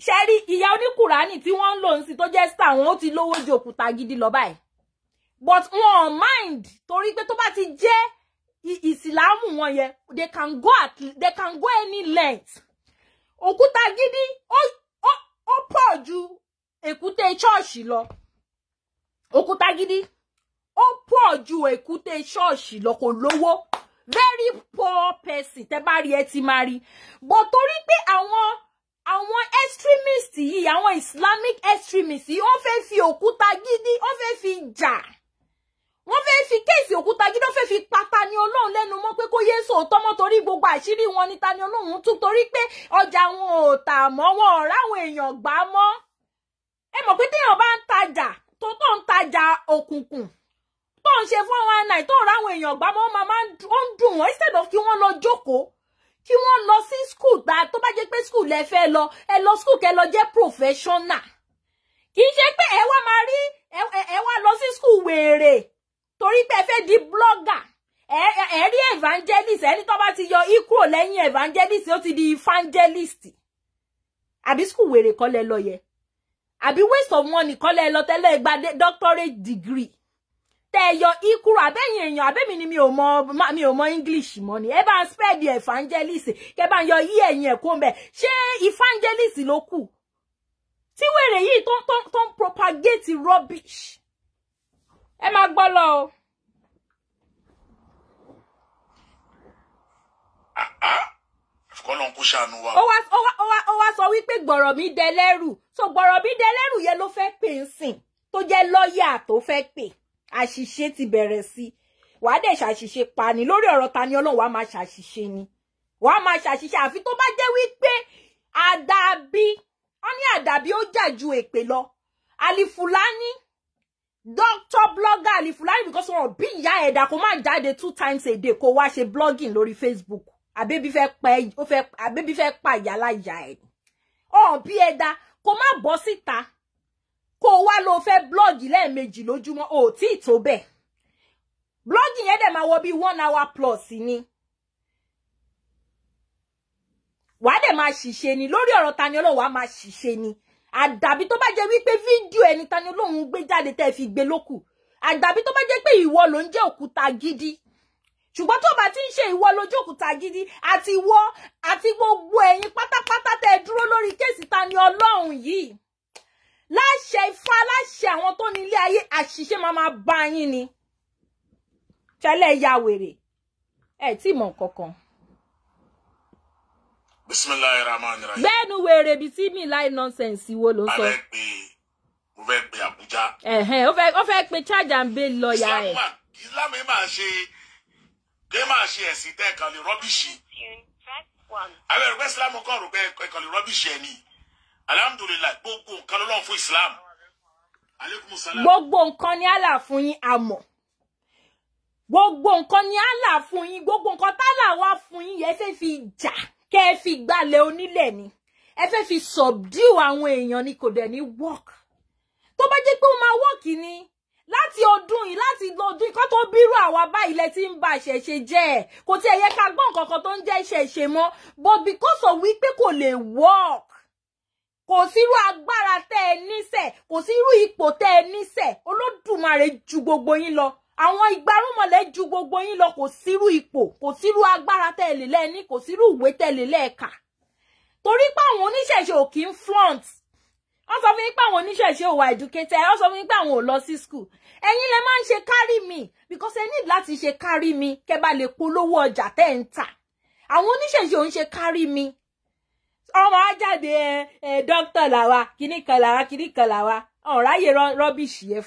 ṣe rí ìyá oníkùránì tí wọ́n ń lò ń sí tó jẹ́ star wọn ó ti lówó ju òkúta gidi lọ báyìí but wọn ò mind torí pé tó bá ti jẹ́ ìsìlámù wọn yẹn they can go at they can go any length òkúta gidi ó ó ó pọ̀ ju èkúté ṣọ́ọ̀ṣì lọ òkúta gidi ó pọ̀ ju èkúté ṣọ́ọ̀ṣì lọ kò lówó very poor person tẹ́ bá rí ẹ ti máa rí but torí pé àwọn àwọn extremist yìí àwọn islamic extremist yìí wọ́n fẹ́ fi òkúta gidi wọ́n fẹ́ fi jà wọ́n fẹ́ fi kéèsì òkúta gidi wọ́n fẹ́ fi pata ni ọlọ́run lẹ́nu mọ́ pé kó yé sòótọ́ mọ́ torí gbogbo àṣírí wọn ni ta ni ọlọ́run tún torí pé ọjà wọn ò tà mọ́ wọn ò ráwọn èèyàn gbà mọ́ ẹ mọ̀ pé téèyàn bá ń tajà tó tó ń tajà òkùnkùn tó ń ṣe fún àwọn àna ìtọ́ ráwọn èèyàn gbà mọ́ instead of kí wọ́n lọ kí wọ́n lọ sí school ta to bá jẹ́ pé school lẹ fẹ́ lọ ẹ lọ school kẹ lọ jẹ́ professional kì í ṣe pé ẹ wá máa rí ẹ wá lọ sí school wèrè torí pé ẹ fẹ́ di blogger ẹ rí evangelist ẹni tó bá ti yọ ikú lẹ́yìn evangelist ó ti di evangelist àbí school wèrè kọ́ lẹ lọ yẹ àbí waste of money kọ́ lẹ lọ tẹ́lẹ̀ gba doctorate degree tẹ̀yọ ikuru abẹ́yìn èèyàn abẹ́mi ni mi ò mọ mi ò mọ english mọ́ ni ẹ bá ń spread evangelist kẹ bá ń yọ yí ẹ̀yìn ẹ̀kọ́ mbẹ ṣé evangelist ló kù tí wèrè yìí tó tó tó ń propagate rubbish ẹ máa gbọ́ lọ o. kọ́lọ́n kó ṣàánú wa. ó wá ó wá ó wá ó wá sọ wípé gbọ̀rọ̀ mi dẹlẹ́rù so gbọ̀rọ̀ mi dẹlẹ́rù yẹn ló fẹ́ pè ń sìn tó jẹ́ lọ́ọ̀yà tó fẹ́ pè àṣìṣe ti bẹ̀rẹ̀ sí wàá dẹ̀ ṣàṣìṣe pani lórí ọ̀rọ̀ ta ni ọlọ́run wàá máa ṣàṣìṣe ni wàá máa ṣàṣìṣe àfi tó bá jẹ́ wípé àdàbí wọ́n ní àdàbí ó jà ju èpè lọ àlìfùlání doctor blogger àlìfùlání because wọn bí ìyá ẹ̀dá kó máa jáde two times a day kó wá ṣe blogging lórí Facebook àbẹ́bí fẹ́ pa ó fẹ́ àbẹ́bí fẹ́ pa ìyá láyà ẹ̀ ọ̀bí ẹ̀dá kó má bọ́ síta kó o wá lọ fẹ́ blọ́ọ̀gì lẹ́ẹ̀mejì lójúmọ́ ò tí ì tó bẹ́ẹ̀ blọ́ọ̀gì yẹn dẹ̀ máa wọ one hour plus ni wàá dẹ̀ máa ṣìṣe ni lórí ọ̀rọ̀ Tani Olohun wàá máa ṣìṣe ni àdàbí tó bá jẹ́ wípé fídíò ẹni Tani Olohun gbé jáde tẹ́ fi gbé lókù àdàbí tó bá jẹ́ pé ìwọ ló ń jẹ́ òkúta gidi ṣùgbọ́n tó bá ti ń ṣe ìwọ lójú òkúta gidi àti ìwọ àti gbogbo ẹ̀yin pátápátá tẹ́ dúró lórí kéèsì Tani Olohun yìí láṣẹ ifá láṣẹ àwọn tó ní ilé ayé àṣìṣe máa máa bá yín ni tẹ́lẹ̀ ya wèrè ẹ tí mọ̀ kankan. bisimilayi rahman rahim. bẹ́ẹ̀ni wèrè bíi tí mi láì nọ́nsẹ̀nsì wo ló sọ. alẹ́ pé mo fẹ́ pe Àbújá. ẹ̀hẹ́n ó fẹ́ pe charge and bail lọ́ọ̀yà ẹ̀. islam máa ṣe dé máa ṣe ẹ̀sìn tẹ́ ẹ̀kan lè rọ́bìṣì. abẹ́rẹ́ pé islam kọ́ ọ̀rọ̀ pé ẹ̀kan lè rọ́bìṣì ẹ̀ nìyí alhamdulilayi gbogbo nǹkan lọ́lọ́run fún islam. gbogbo nǹkan ni allah fún yín àmọ́ gbogbo nǹkan ni allah fún yín gbogbo nǹkan tálà wá fún yín yẹn fẹ́ fi jà kẹ́ fi gbalẹ̀ onílẹ̀ ni ẹ fẹ́ fi subdue àwọn èèyàn ni kò dẹ̀ ní work tó bá jẹ́ pé ó máa work ni láti ọdún yìí láti ọdún yìí kó tó bírú àwa báyìí lẹ ti ń ba ìṣẹ̀ṣe jẹ́ ẹ̀ kò tiẹ̀ yẹ ká gbọ́ nǹkan tó ń jẹ́ ìṣẹ̀ṣe mọ́ but because of wípé kò lè work kò sírú agbára tẹ́ ẹ níṣẹ́ kò sírú ipò tẹ́ ẹ níṣẹ́ olódùmarè ju gbogbo yín lọ àwọn ìgbárùmọ̀lẹ̀ ju gbogbo yín lọ kò sírú ipò kò sírú agbára tẹ́ ẹ lè lẹ́ni kò sírú ìwé tẹ́ ẹ lè lẹ́ẹ̀ka torí pé àwọn oníṣẹ̀ṣe ò kí ń flaunt wọ́n sọ fún yín pé àwọn oníṣẹ̀ṣe ò wà educated wọ́n sọ fún yín pé àwọn ò lọ sí school ẹ̀yin lẹ máa ń ṣe carry me because ẹ need láti ṣe carry me kẹ́ bá lè polówó ọjà tẹ́ ń tà àwọn oníṣẹ̀ṣe ò ń ṣe carry me ọmọ á jáde ẹ ẹ dókítà làwa kìíní kan làwa kìíní kan làwa ọ̀ráyè rọ́bìṣì yẹn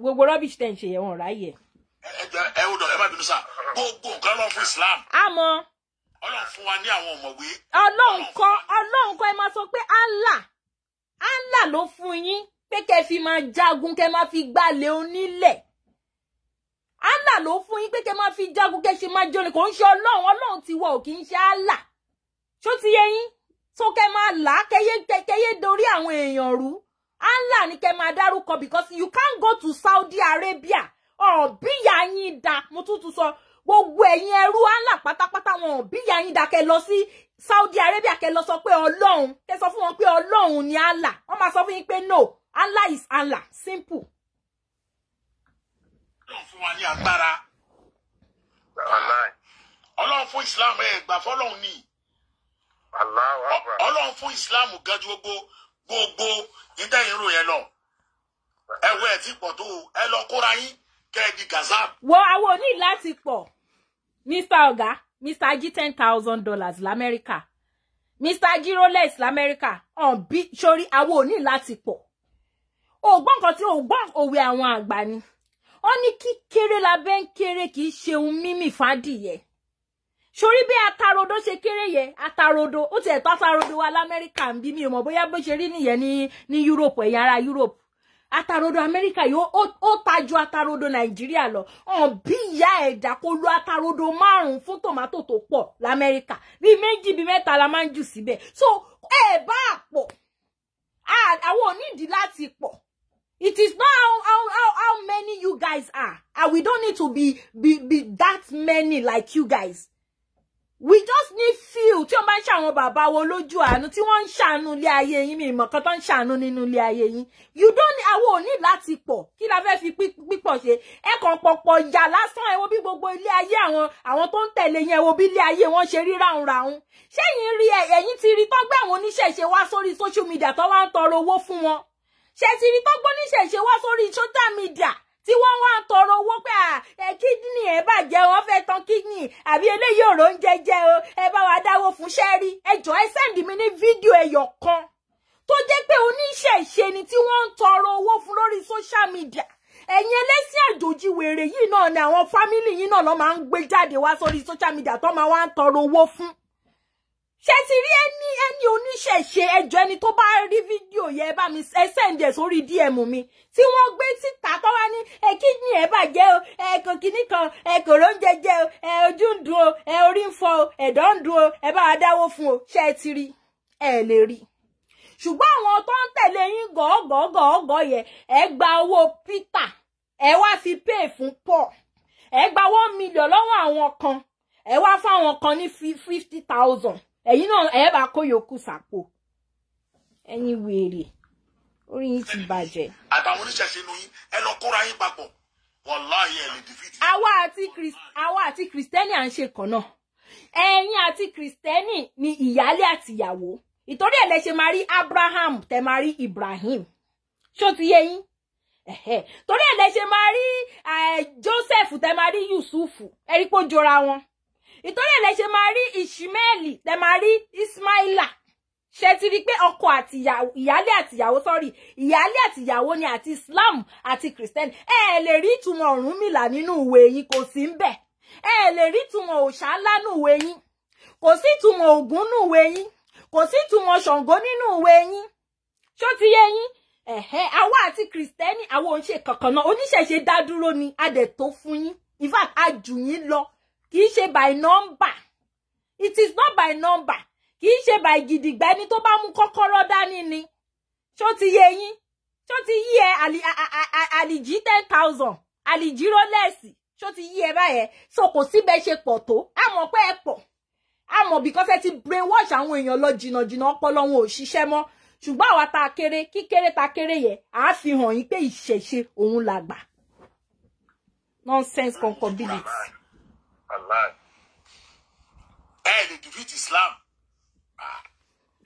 gbogbo rọ́bìṣì tẹ̀ ń ṣe yẹn ọ̀ráyè. ẹ wúdọ ẹ má bínú sá gbogbo nǹkan lọ fún Islam. àmọ́. Ọlọ́run fún wa ní àwọn ọ̀mọ̀wé. Ọlọ́run kọ Ọlọ́run kọ ẹ máa sọ pé Allah Allah ló fún yín pé kẹ́ fi máa jagun kẹ́ máa fi gbalẹ̀ onílẹ̀ Allah ló fún yín pé kẹ́ máa fi jagun kẹ́ ṣe máa jọni kò ń ṣe Ọlọ́run Ọlọ́run ti wọ ò kì ṣe Allah ṣó ti yẹ yín so kẹ máa là á kẹyẹ kẹyẹ dorí àwọn èèyàn rú anla ni kẹ máa dárúkọ because you can't go to Saudi Arabia ọ̀bíyà yín da mo tún tún sọ gbogbo ẹ̀yin ẹrú anla pátápátá wọn ọ̀bíyà yín da kẹ lọ sí Saudi Arabia kẹ lọ sọ pé Ọlọ́run kẹ sọ fún wọn pé Ọlọ́run ni anla wọn máa sọ fún yín pé no anla is anla simple. Ọlọ́run fún wa ní agbára Ọlọ́run fún Islam ẹ̀ gbà fọlọ́run nìyí ọlọ́run fún islam gan ju gbogbo gbogbo ìdẹ́yìn rò yẹn lọ ẹ̀wọ́ ẹ̀ ti pọ̀ tó ẹ lọ kóra yín kẹ́ ẹ di gaza. wo àwọn òní láti pọ̀ mr ọ̀gá mr ají ten thousand dollars lamẹ́ríkà mr ají rolex lamẹ́ríkà ọ̀nbí sórí àwọn òní láti pọ̀ ògbọ́n kan tí ògbọ́n òwe àwọn àgbà ni wọ́n ní kí kéré labẹ́ ń kéré kì í ṣeun mímì fádìyẹ sórí bí atarodo ṣe kéré yẹ atarodo ó ti ẹ̀tọ́ atarodo wa lamẹ́ríkà ń bí mi ò mọ̀ bóyá bó ṣe rí nìyẹn ní ní Europe ẹ̀yà ara Europe atarodo amẹ́ríkà yìí ó tajú atarodo nàìjíríà lọ hàn bí ìyá ẹ̀dá kó lo atarodo márùn-ún fún tòmátò tó pọ̀ lamẹ́ríkà bí méjì bí mẹ́ta la máa ń jù síbẹ̀ so ẹ bá a pọ̀ àwọn ò nídìí láti pọ̀ it is not how, how, how, how many you guys are and we don't need to be, be, be that many like you guys we just need few tí wọ́n bá ń ṣàwọn bàbá wo lójú àánú tí wọ́n ń ṣàánú ilé ayé yín mi ìmọ̀ kan tó ń ṣàánú nínú ilé ayé yín you don't àwọn ò ní láti pọ̀ kí la fẹ́ fi pípọ̀ ṣe ẹ kàn pọ̀pọ̀ ìjà lásán ẹ wo bí gbogbo ilé ayé àwọn àwọn tó ń tẹ̀lé yẹn ẹ wo bí ilé ayé wọn ṣe rí ráhùnráhùn ṣẹ́yìn rí ẹ̀yìn ti rí tọ́gbẹ́ àwọn oníṣẹ̀ṣe wá sórí social media tó wá ń tọrọ owó fún wọn ṣẹ́ ti rí tọ́gbọ́n oníṣẹ̀ṣe wá sórí social media tí wọ́n wá toro wo owó e kidney e ẹ bàjẹ́ wọ́n fẹ́ tan kídìnì àbí eléyìí ọ̀rọ̀ ń jẹjẹ o ẹ bá wa dáwó fún ṣẹ́rí ẹ jọ̀ọ́ e sẹ́ndì mi ní fídíò ẹyọ kan tó jẹ́ pé oníṣẹ̀ṣe ni tí wọ́n toro wo owó fún social media ẹ̀yin ẹlẹ́sìn àjòjì wèrè yìí náà ni àwọn fámìlì yìí náà lọ́ máa ń gbé jáde wá sórí social media tó máa wá ń tọrọ owó ṣe ti rí ẹni ẹni oníṣẹ̀ṣe ẹjọ́ ẹni tó bá rí fídíò yẹn ẹ bá mi ẹ sẹ́ǹdẹ̀ sórí DM mi tí wọ́n gbé síta tó wá ní ẹ kídìní ẹ bàjẹ́ o ẹ kò kíní kan ẹ kò lóúnjẹ jẹ o ẹ ojú ń dùn o ẹ orí ń fọ o ẹ̀dọ̀ ń dùn o ẹ bá wa dáwó fún o ṣe ti rí ẹ lè rí ṣùgbọ́n àwọn tó ń tẹ̀lé yín gọ̀ọ́gọ̀ọ́gọ̀ yẹn ẹ gba owó Peter ẹ wá fi pay fún Paul ẹ gba one million lọ́wọ́ àwọn kan ẹ wá fáwọn kan ní fifty thousand ẹ̀yin náà ẹ bá kó yòókù sàpò ẹ̀yin wèrè orí yín ti bàjẹ́. àtàwọn oníṣẹ̀ṣe inú yín ẹ lọ kóra yín papọ̀ wàláhì ẹ lè dìfìtì. àwa àti àwa àti kìrìsìtẹ́nì à ń ṣe kan náà ẹ̀yin àti kìrìsìtẹ́nì ni ìyálé ati ìtorí Itori lẹ ṣe máa rí Abraham tẹ máa Ibrahim ṣó ti yé yín torí ẹ̀ lẹ ṣe máa rí Joseph tẹ máa rí Yusufu ẹ rí pé ó ìtorí ẹ̀ lẹ ṣe máa rí ìṣímẹ́ẹ̀lì lẹ máa rí ismaila ṣe ti rí pé ọkọ àti ìyálé àtìyàwó sọ́rí ìyálé àtìyàwó ni àti islam àti christian ẹ ẹ lè rí ìtumọ̀ ọ̀rúnmìlà nínú ìwé yín kò sí ń bẹ̀ ẹ ẹ lè rí ìtumọ̀ òòṣà ńlá nínú ìwé yín kò sí ìtumọ̀ ògún nínú ìwé yín kò sí ìtumọ̀ ṣàngó nínú ìwé yín ṣó ti yé yín ẹ̀hẹ́ àwa àti kìrìsìtẹ́nì àwọn òun ṣe kankan náà oníṣẹ̀ṣe dá dúró ni adẹ̀ tó fún yín in fact a jù yín lọ kì í ṣe by number it is not by number kì í ṣe by gidigba ẹni tó bá mú kọ́kọ́rọ́ dání ni ṣó ti yé yín ṣó ti yí ẹ àlìjí ten thousand àlìjí rólẹ́ẹ̀sì ṣó ti yí ẹ báyẹn so kò síbẹ̀ ṣe pọ̀ tó àmọ́ pé ẹ pọ̀ àmọ́ because ẹ ti brainwash àwọn èèyàn lọ jìnnàjìnnà ọpọlọ wọn ò ṣiṣẹ́ mọ́ ṣùgbọ́n àwa tá a kéré kíkéré tá a kéré yẹn àá fi hàn yín pé ìṣẹ̀ṣe òun làgbà nonsense concordability ẹ lè defeat Islam. Ah.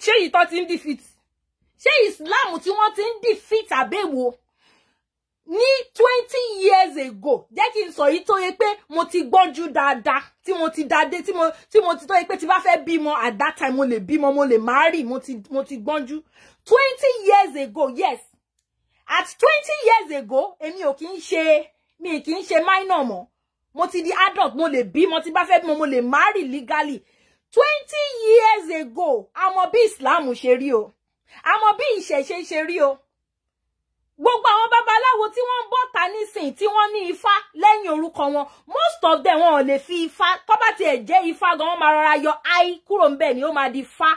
ṣé yìí tó ti ń defeat ṣé Islam tí wọ́n ti ń defeat àbẹ̀wò ní twenty years ago jẹ́ kí n sọ yìí tó yẹ pé mo ti gbọ́njú dáadáa tí mo ti dáadé tí mo tí mo ti tó yẹ pé tí bá fẹ́ bímọ at that time mo lè bímọ mo lè má rì mo ti mo ti gbọ́njú twenty years ago yes at twenty years ago èmi ò kí ń ṣe mi kì í ṣe minor mọ́ mo ti di adult mo lè bí mo ti bá fẹ́ bí mo mo marry legally twenty years ago a mọ̀ bí islam ṣe rí o a mọ̀ bí ìṣẹ̀ṣe ṣe rí o gbogbo àwọn babaláwo tí wọ́n ń bọ̀ ta nísìn tí wọ́n ní ifá lẹ́yìn orúkọ wọn most of them wọn ò lè fi ifá tó bá tiẹ̀ jẹ́ ifá gan wọ́n máa rọra yọ ai kúrò ńbẹ̀ ni ó máa di fa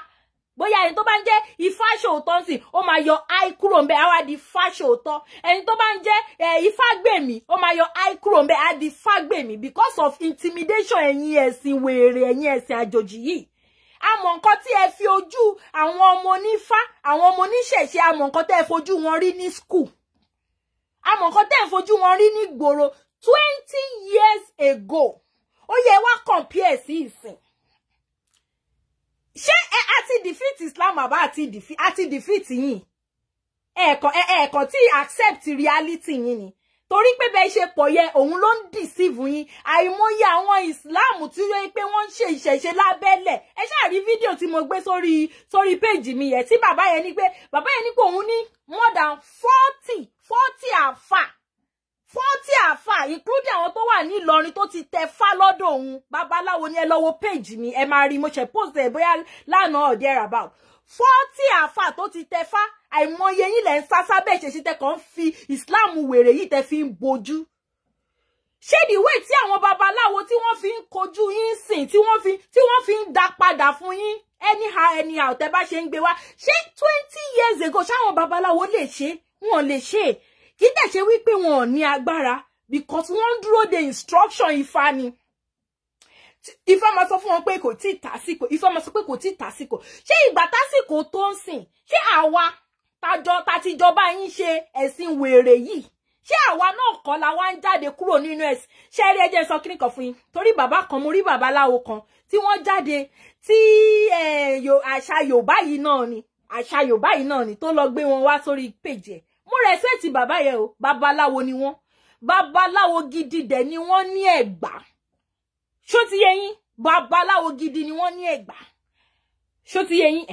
bóyá ẹni tó bá ń jẹ́ ifá ṣòótọ́ sí ó máa yọ i kúrò ńbẹ á wá di fá ṣòótọ́ ẹni tó bá ń jẹ́ ifá gbèmí ó máa yọ i kúrò ńbẹ á di fá gbèmí because of intimidation ẹ̀yin ẹ̀sìn wèrè ẹ̀yin ẹ̀sìn àjòjì yìí àmọ́ nǹkan tí ẹ fi ojú àwọn ọmọ onífá àwọn ọmọ oníṣẹ̀ṣe àmọ́ nǹkan tẹ́ ẹ fojú wọn rí ní school àmọ́ nǹkan tẹ́ ẹ fojú wọn rí ní gbòòrò twenty years ago ó yẹ wá compare sí ìsìn ṣé Ati defeat Islam àbá Ati defeat àti defeat yín ẹ̀ẹ̀kan ẹ̀ẹ̀kan tí accept reality yín ni torí pé bẹ́ẹ̀ ṣe pọ̀ yẹ òun ló deceive yín àìmọye àwọn Islam tí ó yẹ pé wọ́n ń ṣe ìṣẹ̀ṣe lábẹ́lẹ̀ ẹ ṣáà video fídíò mo gbé sórí sórí page mi yẹn tí bàbá yẹn ní pé bàbá yẹn ní ko òun ní more than forty forty àfà fọ́ńtì àfà including àwọn tó wà ní Ìlọrin tó ti tẹ fá lọ́dọ̀ òun babaláwo ni ẹ lọ́wọ́ péjì mi ẹ máa rí mo ṣe post ẹ bóyá lánàá or there about fọ́ńtì àfà tó ti tẹ fá àìmọye yín lẹ́ ń sásá bẹ́ẹ̀ ṣe ṣe tẹ kàn ń fi Islam wèrè yìí tẹ fi ń bojú ṣé ìwé tí àwọn babaláwo tí wọ́n fi ń kojú yín sìn tí wọ́n fi tí wọ́n fi ń dá padà fún yín anyhow anyhow tẹ bá ṣe ń gbé wá ṣé twenty years ago ṣáwọn babaláwo lè ṣe wọn lè ṣe kì í dẹ̀ ṣe wípé wọn ò ní agbára because wọ́n ń dúró de instruction ifá ni ifá máa sọ fún wọn pé kò tí ì tásìkò ifá máa sọ pé kò tí ì tásìkò ṣé ìgbà tásìkò tó ń sìn ṣé àwa tájọ tàtijọba yín ṣe ẹ̀sìn wèrè yìí ṣé àwa náà kọ́ la wá ń jáde kúrò nínú ẹ̀sìn ṣé rí ẹjẹ́ sọ kíní kan fún yín torí bàbá kan mo rí babaláwo kan tí wọ́n jáde tí eh, àṣà yorùbá yìí náà ni àṣà yorùbá yìí náà ni tó lọ gbé wọn wá sórí péjì ẹ̀ mo respect Baba yẹn o babaláwo ni wọ́n babaláwo gidi dẹ̀ ni wọ́n ní Ẹ̀gbá ṣó ti yé yín babaláwo gidi ni wọ́n ní Ẹ̀gbá ṣó ti yé yín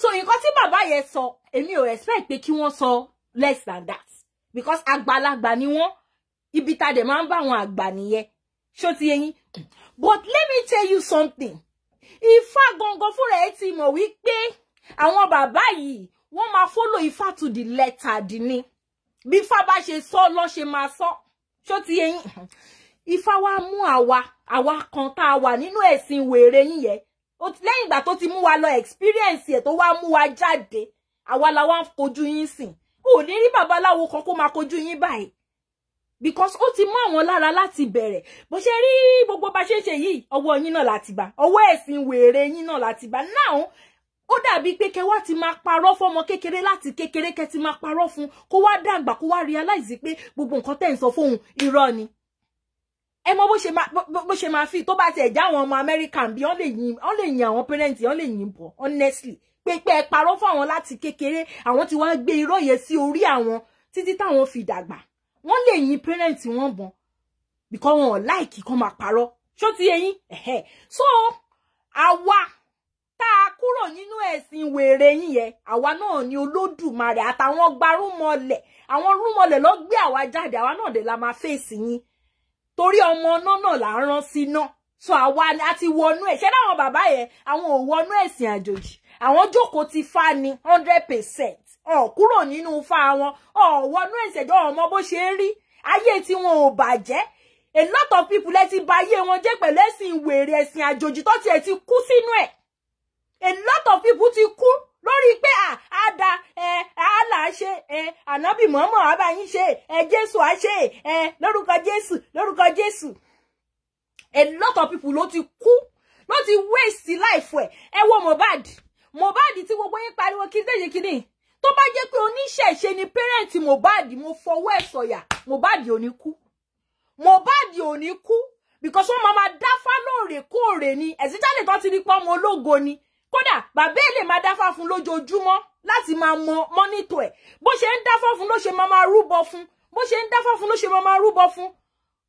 so nǹkan tí Baba yẹn sọ èmi ò expect pé kí wọ́n sọ less than that because àgbàlagbà ni won. ibi tá dẹ̀ máa ń bá àwọn àgbà nìyẹn ti yé but let me tell you something Ifá gangan fúnra ẹ̀ ti mọ̀ wípé àwọn Baba yìí wọ́n máa fọ́lọ̀ ifá to the letter dì ní bí ifá bá ṣe sọ lọ ṣe máa sọ ṣó ti yẹn ifá wa mú àwa àwa kan tá a wà nínú ẹ̀sìn wèrè yín yẹn lẹ́yìn ìgbà tó ti mú wa lọ experience ẹ̀ tó wá mú wa jáde àwa la wá ń kojú yín sìn ò ní rí babaláwo kan kó máa kojú yín báyìí because ó ti mú àwọn lára láti bẹ̀rẹ̀ bó ṣe rí gbogbo bá ṣe ń ṣe yìí ọwọ́ yín náà láti bá ọwọ́ ẹ̀sìn wèrè yín náà láti bá now ó dàbí pé kẹ wá ti máa parọ́ fọmọ kékeré láti kékeré kẹ ti máa parọ́ fún kó wá dàgbà kó wá realize pé gbogbo nǹkan tẹ̀ ń sọ fóun irọ́ ni ẹ mọ bó ṣe máa bó ṣe máa fi tó bá ti ẹ̀já àwọn ọmọ Amẹ́ríkà bí wọ́n lè yin àwọn pẹ́rẹ́ǹtì wọ́n lè yin bọ̀ honestly pé pé ẹ parọ́ fún àwọn láti kékeré àwọn ti wá gbé irọ́ yẹn sí orí àwọn títí táwọn fi dàgbà wọ́n lè yin pẹ́rẹ́ǹtì wọn bọ̀ bìkọ́ wọn ò láìkì kọ́ máa parọ́ ṣó ti yẹ yín so àwa tá a kúrò nínú ẹ̀sìn wèrè yín yẹn àwa náà ni olódùmarè àtàwọn gbarúmọlẹ̀ àwọn rúmọlẹ̀ ló gbé àwa jáde àwa náà dé la máa fèsì yín torí ọmọ náà là ń rán sí náà so àwa a ti wọnú ẹ̀ ṣé láwọn bàbá yẹn àwọn ò wọnú ẹ̀sìn àjòjì àwọn jókòó ti fa ni hundred percent ọ̀ kúrò nínú fa wọn ọ̀ wọnú ẹ̀sẹ̀jọ́ ọmọ bó ṣe ń rí ayé tí wọn ò bàjẹ́ a lot of people lẹ ti bà ayé wọn jẹ́ pẹ̀lú ẹ̀sìn wèrè ẹ̀sìn àjòjì tó tiẹ̀ ti kú sínú ẹ̀ a lot of people ti kú lórí pé àdá àlà ṣe ànábì mọ́mọ́ abáyín ṣe jésù á ṣe lórúkọ jésù lórúkọ jésù a lot of people ló ti kú ló ti waste life ẹ̀ ẹ wo Mohbad Mohbad tí gbogbo yín pariwo kí déje kí ni tó bá jẹ́ pé oníṣẹ̀ṣe ni pẹ́rẹ́ǹtì Mohbad mo fọwọ́ ẹ̀ sọ̀yà Mohbad ò ní kú Mohbad ò ní kú because wọ́n máa máa dáfá lóòrèkóòrè ni ẹ̀sìn jáde tó ti ní pọ́n ọmọ ológo ni kódà bàbá ẹ̀ lè máa dáfá fún lójoojúmọ́ láti máa mọ mọ́nítọ̀ ẹ̀ bó ṣe ń dáfá fún ló ṣe máa máa rúbọ fún bó ṣe ń dáfá fún ló ṣe máa máa rúbọ fún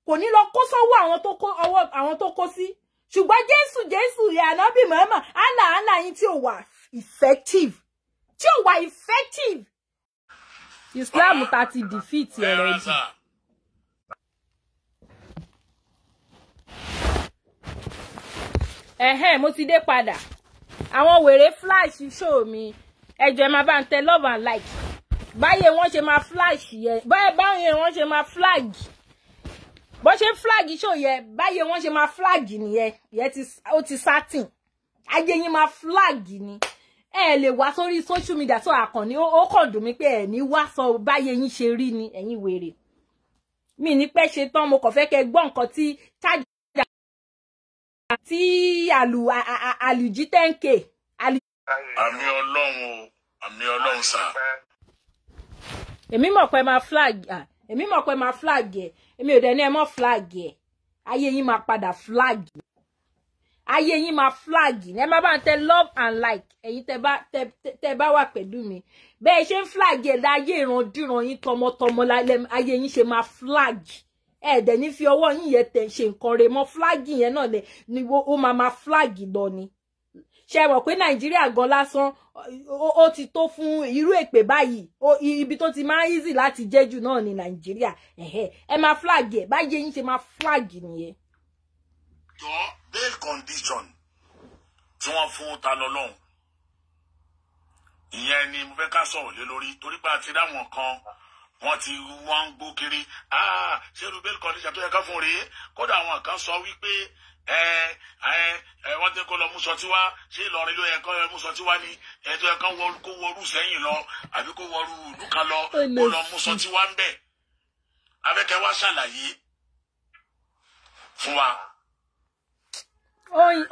kò ní lọ kó sọ́wọ́ àwọn tó kó ọwọ́ àwọn tó kó sí ṣùgbọ́n jésù jésù ìyá ànábì mọ́ọ́mọ́ àlà àlà yín tí ò wà effective tí ò wà effective islam ta ti defeat ẹ̀rẹ̀ jù. ẹ̀hẹ́n mo ti dé padà àwọn wèrè flash show mi ẹjọ ẹ máa bá ń tẹ love and like báyé wọn ṣe máa flash yẹ báyé wọn ṣe máa flag bó ṣe flag show yẹ báyé wọn ṣe máa flag nìyẹn yẹ ti ó ti satin ayé yín máa flag ni ẹ lè wá sórí social media tó àkànní ó kàn dùn mí pé ẹ ní wá sọ báyé yín ṣe rí ni ẹ̀yin wèrè mi ní pẹ́ ṣe tán mo kàn fẹ́ kẹ́ gbọ́ nǹkan tí charge àti àlù àlùjí ten k. àmì ọlọ́run o àmì ọlọ́run sà. èmi mọ̀ pé máa flag èmi mọ̀ pé máa flag ẹ̀ èmi ò dẹ̀ ní ẹ flag ẹ̀ ayé ma máa flag ayé yín ma flag ẹ má bá ń tẹ love and like ẹ̀yin te bá tẹ bá wà pẹ̀lú mi Be, flag da ń flag ẹ̀ láyé ìrandíran yín tọmọtọmọ ayé yín se ma flag ẹ dẹ̀ ní fi ọwọ́ yín yẹn tẹ̀ ṣe nǹkan rẹ̀ mọ́ flag yẹn náà ni ó máa ma flag lọ ni ṣe mọ̀ pé nàìjíríà gan lásán ó ti tó fún irú èpè báyìí ibi tó ti máa easy láti jẹ́ jù náà ni nàìjíríà ẹ máa flag ẹ báyìí yín ṣe máa flag nìyẹn. jọ bail condition tí wọ́n fún ta lọ́lọ́run ìyẹn ni mo fẹ́ ká sọ̀rọ̀ lé lórí torí pé a ti dáwọn kan wọ́n ti wọ́n ń gbó kiri ah, ṣé rubel condition tó yẹ ká fún rèé kódà àwọn kan sọ wípé wọ́n ti kó lọ mú sọtí ṣé Ìlọrin ló yẹ kó lọ mú sọtí ni ẹ̀tọ́ yẹ kó wọrú sẹ́yìn lọ àbí kó wọrú ìlú kan lọ oh, kó lọ mú sọtí ń bẹ̀ abẹ́kẹ́ wá ṣàlàyé fún wa.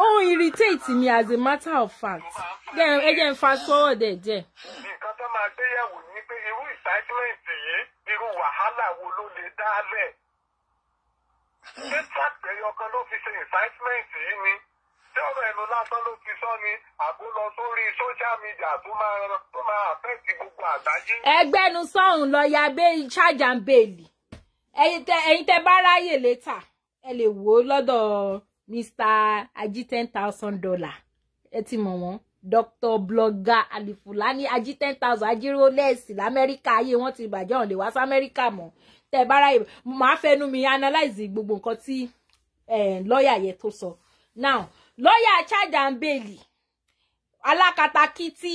ó irritate me as a matter of fact ẹ jẹ́ n fa sọ́wọ́ dẹ̀ díẹ̀. nǹkan tó máa gbéyàwó ni pé irú excitement wàhálà wo ló lè dálẹ̀ ṣé tract ẹyọ kan ló fi ṣe incitement yìí ni ṣé ọ̀rọ̀ ẹnu lásán ló fi sọ ni àbó lọ sórí social media tó máa tó máa affect gbogbo àgbáyé. ẹgbẹ́nu sọ́hùn lọ́ọ́yà bẹ́ẹ̀ ṣáàjà ń bèèlì bá ráyè létà ẹ lè wò ó lọ́dọ̀ mr ají ten thousand dollar ẹ ti mọ̀ wọ́n Dr. blogger Alifulani ají ten thousand ajíró lẹ́ẹ̀sì lamẹ́ríkà ayé wọn ti bàjẹ́ ọ̀hún lè wá sí amẹ́ríkà mọ́ tẹ́ ẹ bá ráyè máa fẹnu mi analyze gbogbo nǹkan tí lọ́ọ̀yà yẹn tó sọ now lọ́ọ̀yà charge and bail alákatakítí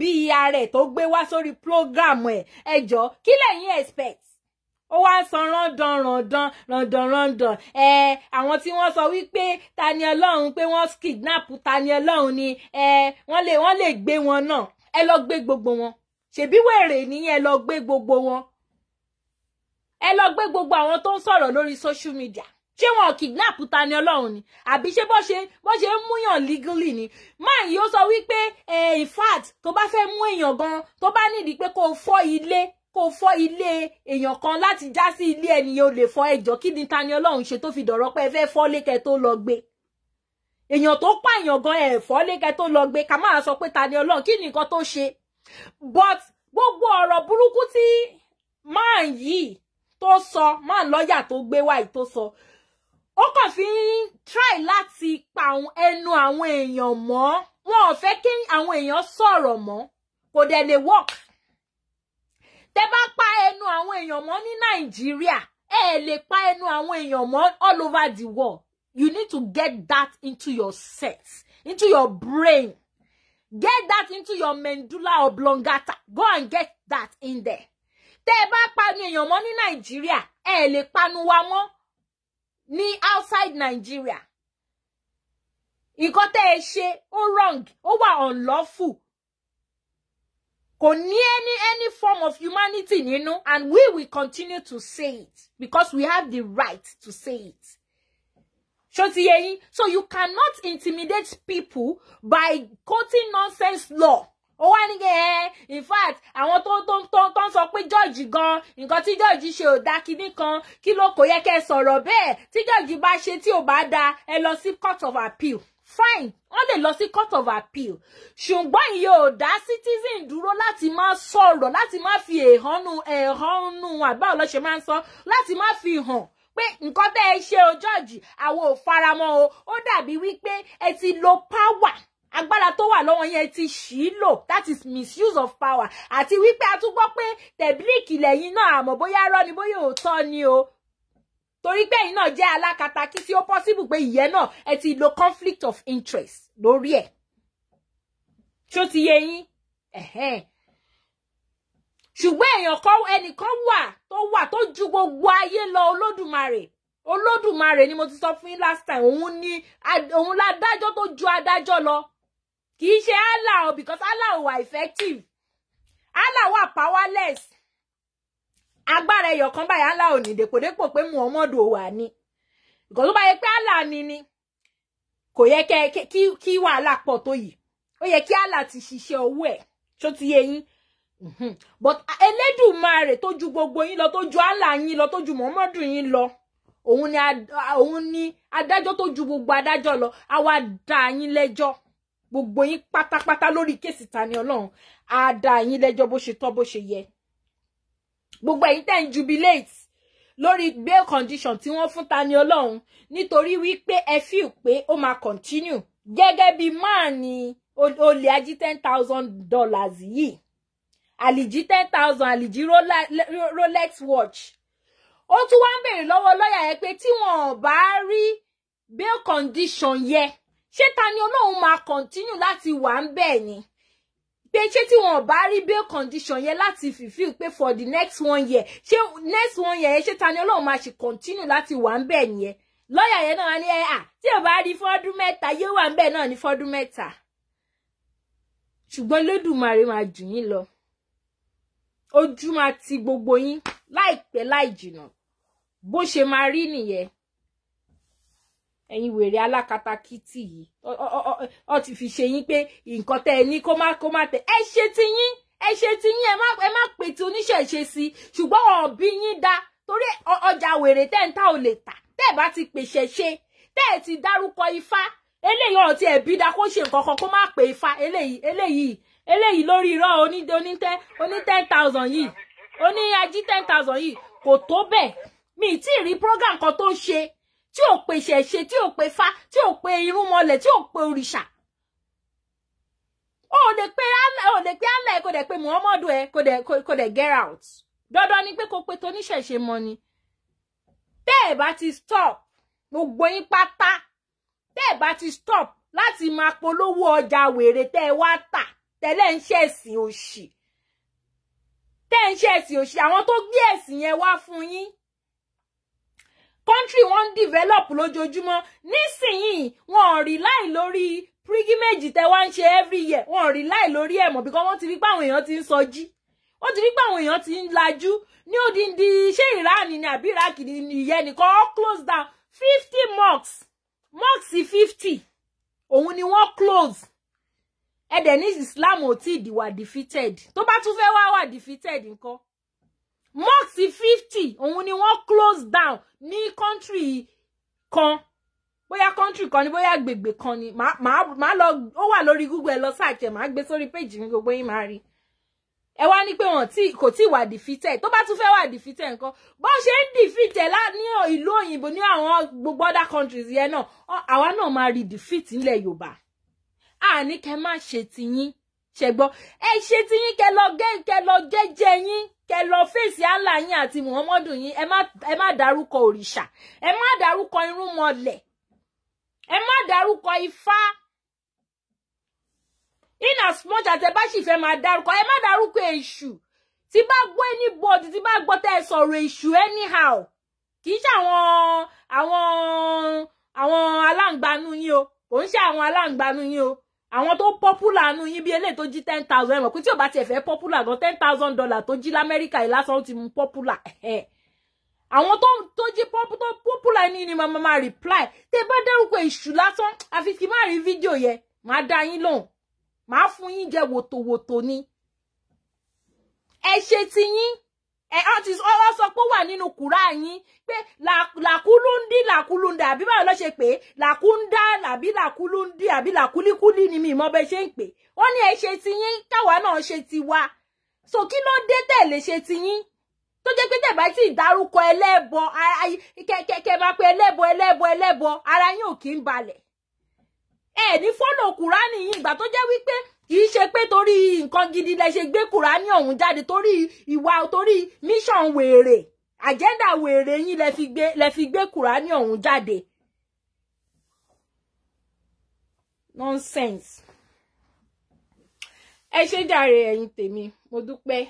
bí ara e ẹ̀ tó gbé wá sórí program ẹ̀ ẹjọ́ kí lẹ́yìn expect ó wá ń san rándan rándan rándan rándan ẹ àwọn tí wọ́n sọ wípé Tani Olohun pé wọ́n kidnap Tani Olohun ni ẹ wọ́n lè wọ́n lè gbé wọn náà ẹ lọ gbé gbogbo wọn ṣèbí wèrè nìyẹn ẹ lọ gbé gbogbo wọn ẹ lọ gbé gbogbo àwọn tó ń sọ̀rọ̀ lórí social media ṣé wọn kidnap Tani Olohun ni àbí ṣé bó ṣe bó ṣe ń múyàn legally ni máa yìí ó sọ wípé in fact tó bá fẹ́ mú èèyàn gan tó bá nídìí pé kó o fọ́ ilé kó fọ́ ilé èèyàn kan láti já sí ilé ẹnìyẹn ò le fọ́ ẹjọ́ kí ni ta ni ọlọ́run ṣe tó fi dọ̀rọ̀ pé ẹ fẹ́ fọ́ lékẹ́ tó lọ gbé èèyàn tó pààyàn gan ẹ fọ́ lékẹ́ tó lọ gbé ká máa sọ pé ta ni ọlọ́run kí ni nǹkan tó but gbogbo ọ̀rọ̀ burúkú tí máa yìí tó sọ máa lọ́ọ̀yà to gbé wáyé tó sọ ó kàn fi ń try láti pa ẹnu àwọn èèyàn mọ́ wọn ò fẹ́ kí àwọn èèyàn sọ̀rọ̀ mọ́ kò dẹ̀ lè work tẹ́ bá pa ẹnu àwọn èèyàn mọ́ ní nàìjíríà ẹ lè pa ẹnu àwọn èèyàn mọ́ all over the world you need to get that into your sense into your brain get that into your medulla oblongata go and get that in there tẹ́ ẹ bá panu èèyàn mọ́ ní nàìjíríà ẹ lè panu wa mọ́ ní outside nàìjíríà nǹkan tẹ́ ẹ ṣe ó wrong ó wà unlawful kò ní any any form of humanity nínú and we will continue to say it because we have the right to say it. Shotiyeyin, so you cannot intimidate people by quoting nonsense law. Ó wá ní kẹ́ eh, in fact àwọn tó tó tó tó ń sọ pé George gan nǹkan tí George ṣe ò dá kinní kan kí ló kò yẹ kẹ́ sọ̀rọ̀ bẹ́ẹ̀ tí George bá ṣe tí ò bá dáa ẹ lọ sí court of appeal fine wọ́n lè lọ sí court of appeal ṣùgbọ́n ìyẹn ò dá citizen dúró láti máa sọ̀rọ̀ láti máa fi ẹ̀hónú ẹ̀hónú àbá ọlọ́ṣẹ́ máa ń sọ láti máa fi hàn pé nǹkan tẹ́ ẹ ṣe o jọ́ọ̀jì àwọn ò faramọ́ o ó dàbí wípé ẹ ti lo power agbára tó wà lọ́wọ́ yẹn ti ṣì í lò that is misuse of power àti wípé a tún gbọ́ pé tẹ̀bílíkì lẹ́yìn náà àmọ́ bóyá rọ́ ni bóyá òótọ́ ni o torí pé ẹ̀yin náà jẹ́ alákatakí tí ó possible pé ìyẹn náà ẹ ti lo conflict of interest lórí ẹ̀ ṣó ti yé yín ṣùgbọ́n èèyàn kan ẹnìkan wà tó wà tó ju gbogbo ayé lọ olódùmarè olódùmarè ni mo ti sọ fún yín last time òun ni òun ládájọ́ tó ju adájọ́ lọ kì í ṣe Allah o because Allah wà effective Allah wà powerless agbára ẹyọ kan báyìí Allah ò ní dèpòdépò pé Muhammad ò wà ní nǹkan tó bá yẹ pé Allah ni ni kò yẹ kí kí wàhálà pọ̀ tó yìí ó yẹ kí Allah ti ṣiṣẹ́ owó ẹ̀ tó ti yé yín but Elédùmarè tó ju gbogbo yín lọ tó ju Allah yín lọ tó ju Muhammad yín lọ òun ni òun ni adájọ́ tó ju gbogbo adájọ́ lọ àwa dá yín lẹ́jọ́ gbogbo yín pátápátá lórí kéèsì Tani Olohun á dá yín lẹ́jọ́ bó ṣe tọ́ bó ṣe yẹ gbogbo ẹ̀yin ten ń jubilate lórí bail condition tí wọ́n fún Tani Olohun nítorí wípé ẹ fi pé ó máa continue gẹ́gẹ́ bí máà ni olè ají ten thousand dollars yìí àlìjí ten thousand àlìjí Rolex watch O tún wá ń béèrè lọ́wọ́ lọ́ọ̀yà yẹn pé tí wọn ò bail condition yẹ ṣé Tani Olohun máa continue láti wà ń ni pé ṣé tí wọn bá rí bail condition yẹn láti fulfill pé for the next one year ṣé next one year yẹn ṣé ta ni Ọlọ́run máa ṣe continue láti wà ń bẹ̀ yẹn lọ́ọ̀yà yẹn náà ní ẹ̀ à ah, tí ò bá rí fọ́dún mẹ́ta yóò wà ń bẹ̀ náà ní fọ́dún mẹ́ta ṣùgbọ́n lódùmarè máa jù yín lọ ojú máa ti gbogbo yín láìpẹ́ láì jìnnà bó ṣe máa rí nìyẹn ẹ̀yin wèrè alákatakítì yìí ọ ti fi ṣe yín pé nǹkan tẹ́ ẹ ní kó má kó má tẹ ẹ ṣe ti yín ẹ ṣe ti yín ẹ má ẹ má pè tí oníṣẹ̀ṣe sí ṣùgbọ́n ọ̀bí yín da torí ọjà wèrè tẹ́ ń ta ò lè tà tẹ́ ẹ bá ti pèsè ṣe tẹ́ ẹ ti dárúkọ ifá eléyìí ọ̀rọ̀ tí ẹ̀bí da kó ṣe nǹkan kan kó má pè ifá eléyìí eléyìí eléyìí lórí irọ́ oní ten oní ten thousand yìí oní ají ten thousand yìí kò tó bẹ́ẹ̀ mi ì tí ì rí program kan tó ṣe tí ò pe ṣẹ̀ṣe tí ò pe fá tí ò pe irúnmọlẹ̀ tí ò pe òrìṣà o ò lè pe Allah ò lè pe Allah ẹ kò dẹ̀ pe Muhammadu ẹ kò dẹ̀ kò dẹ̀ get out dandan ni pé kò pe toníṣẹ̀ṣe mọ ni tẹ́ ẹ̀ bá ti stop gbogbo yín pátá tẹ́ ẹ̀ bá ti stop láti máa polówó ọjà wèrè tẹ́ ẹ wá tà tẹ́lẹ̀ ń ṣẹ̀sìn òṣì tẹ́ ń ṣẹ̀sìn òṣì àwọn tó gbé ẹ̀sìn yẹn wá fún yín country wọn develop lójoojúmọ́ nísìnyìí wọn ò rely lórí prígí méjì tẹ wá ń ṣe every year wọn ò rely lórí ẹ̀ mọ́ because wọ́n ti rí pé àwọn èèyàn ti ń sọjí wọ́n ti rí pé àwọn èèyàn ti ń lajú ní odindi ṣé ìran ni àbí iraki ni ìyẹn nìkan all close down fifty Marks mosques fifty òun ni wọ́n close ẹ̀dẹ̀ ní islam ò tí ì wà defeated tó bá tún fẹ́ wá wà defeated nǹkan mosque fifty òun ni wọ́n close down ní country kan bóyá country kan ni bóyá agbègbè kan ni màá lọ ó wà lórí google ẹ lọ search ẹ màá gbé sórí page mi gbogbo yín máa rí ẹ wá ní pé wọn kò tí ì wà defeated tó bá tún fẹ́ wà defeated nǹkan bó ṣe ń defeated ní ìlú òyìnbó ní àwọn gbogbo other countries yẹn náà àwa náà máa rí defeat nílẹ̀ yorùbá àní kẹ́ má ṣe tiyín ṣẹgbọ́ ẹ ṣe tiyín kẹ́ lọ gé kẹ́ lọ gé jẹ yín kẹ lọ fèsì Allah yín àti Muhammadu yín ẹ má ẹ má dárúkọ òrìṣà ẹ má dárúkọ irúnmọlẹ̀ ẹ má dárúkọ ifá in as much as ẹ bá sì fẹ́ máa dárúkọ ẹ má dárúkọ èṣù tí bá gbọ́ anybody tí bá gbọ́ tẹ́ ẹ sọ̀rọ̀ èṣù anyhow kì í ṣe àwọn àwọn àwọn aláǹgbanú yín o kò ń ṣe àwọn aláǹgbanú yín o àwọn tó popular nu yín bí eléyìí tó jí ten thousand ẹ mọ̀ pé tí ò bá tiẹ̀ fẹ́ popular gan ten thousand dollar tó jí lamẹ́ríkà yìí lásán ó ti mú popular àwọn tó tó jí popular ní ni màmá máa reply tẹ bá dárúkọ èṣù lásán àfi kí má rí fídíò yẹn màá dá yín lóhùn màá fún yín jẹ wòtòwòtò ni ẹ ṣe ti yín ẹ eh, àti ọwọ́ sọ pé ó wà nínú kùrá yín pé làkúlúndí làkúlúndà àbí báwo ló ṣe pé làkúndá àbí làkúlúndí àbí làkúlíkúlí ni mi ìmọ̀ bẹ́ẹ̀ ṣe ń pè ó ní ẹ ṣe ti yín káwa náà ṣe ti wa so kí ló dé tẹ̀lé ṣe ti yín tó jẹ́ pé tẹ̀bá tí ìdárúkọ ẹlẹ́bọ kẹ̀kẹ́ máa pe ẹlẹ́bọ ẹlẹ́bọ ẹlẹ́bọ ara yín ò kí ń balẹ̀ ẹ̀ ní fọ́nà kùrá nìyí ìgbà tó jẹ́ wípé kì í ṣe pé torí nǹkan gidi lẹ ṣe gbé kùránì ọ̀hún jáde torí ìwà torí mission wèrè àjẹ́ndà wèrè yín lẹ fi gbé lẹ fi gbé kùránì ọ̀hún jáde. nonsense ẹ ṣe jàre ẹ̀yin tèmi mo dúpẹ́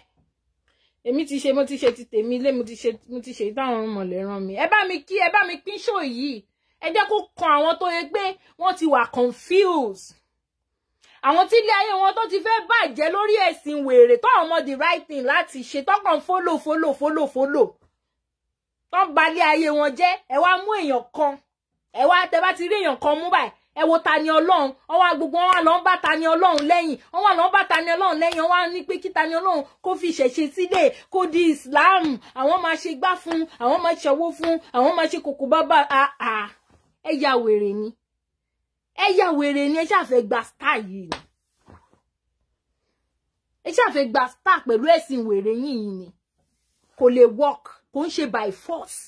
èmi ti ṣe mo ti ṣe ti tèmi ilé mo ti ṣe mo ti ṣe táwọn mọ̀lẹ́ ràn mí ẹ bá mi kí ẹ bá mi pín ṣó yìí ẹ jẹ́ kó kan àwọn tó yẹ pé wọ́n ti wà confused àwọn tí ilé ayé wọn tó ti fẹ́ bàjẹ́ lórí ẹ̀sìn wèrè tó àwọn ọmọ the right thing láti ṣe tọkàn fólò fólò fólò fólò tó ń balẹ̀ ayé wọn jẹ́ ẹ wá mú èèyàn kan ẹ wá tẹ bá ti rí èèyàn kan mú báyìí ẹ wo ta ni ọlọ́run ọwọ́ gbogbo wọn lọ ń bá ta ni ọlọ́run lẹ́yìn wọn lọ ń bá ta ni ọlọ́run lẹ́yìn wọn ní pé kí ta ni ọlọ́run kó fi ṣẹ̀ṣe sílẹ̀ kó di Islam àwọn máa ṣe gbá fún àwọn máa ṣọwọ́ fún àwọn máa ṣe kòkó bábà ẹ ya wèrè ni ẹ yà wèrè ni ẹ ṣàfẹ́ gba star yìí ni ẹ ṣàfẹ́ gba star pẹ̀lú ẹ̀sìn wèrè yìí ni kò lè work kò ń by force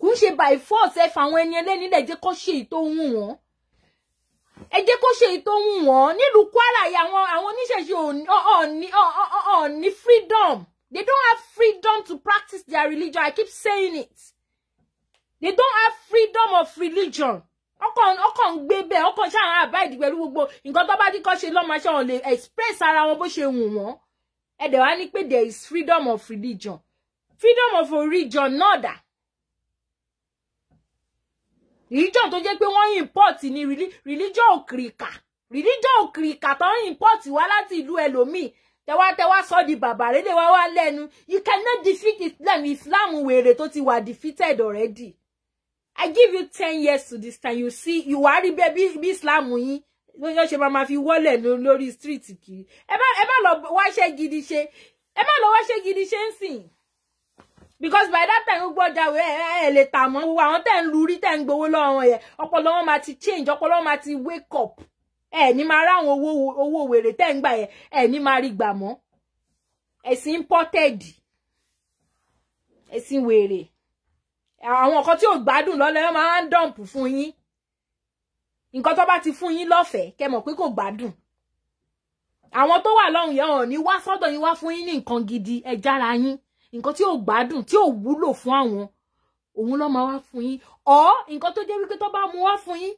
kò ń by force ẹ fàwọn ẹni ẹlẹ́ni lẹ̀ jẹ́ kó ṣe ìtò wù wọ́n ẹ jẹ́ kó ṣe ìtò wù wọ́n nílùú Kwara yìí àwọn àwọn oníṣẹ̀ṣe ò ní freedom they don't have freedom to practice their religion I keep saying it they don't have freedom of religion ọkàn ọkàn gbé bẹ́ẹ̀ ọkàn ṣáà àbáìdì pẹ̀lú gbogbo nǹkan tó bá ní kọ́ ṣe lọ́mọ ṣáà lè express ara wọn bó ṣe wù wọ́n ẹ dẹ̀ wá ní pé there is freedom of religion freedom of religion náà dà religion tó jẹ́ pé wọ́n import ni religion òkìrìkà religion òkìrìkà tó ń import wá láti ìlú ẹlòmíì tẹwá tẹwá sọ di bàbá rẹ lè wá wá lẹ́nu you cannot defeat Islam Islam wèrè tó ti wà defeated already. I give you ten years to this time you see you worry rí be bí Islam yín bóyá ṣe máa fi wọ́lẹ̀ lórí no kiri ẹ má ẹ má lọ wáṣẹ́ gidi she. ẹ má lọ wáṣẹ́ gidi ṣe ń because by that time you go that way. lè tà who gbogbo àwọn tẹ̀ ń lu rí tẹ̀ ń gbowó lọ́wọ́ yẹn change ọpọlọ wọn máa wake up ẹ ní máa ráwọn owó owó wèrè tẹ̀ ń gbà yẹn ẹ ní máa rí gbà mọ́ ẹ̀sìn imported ẹ̀sìn wèrè àwọn nǹkan tí ò gbádùn lọ́lẹ́ máa ń dọ̀mpù fún yín nǹkan tó bá ti fún yín lọ́fẹ̀ẹ́ kẹ́ mọ̀ pé kò gbádùn àwọn tó wà lọ́hùn yẹn ò ní wá sọ́dọ̀ yín wá fún yín ní nǹkan gidi ẹ jára yín nǹkan tí ò gbádùn tí ò wúlò fún àwọn òun ló máa wá fún yín ọ nǹkan tó jẹ́ wípé tó bá mu wá fún yín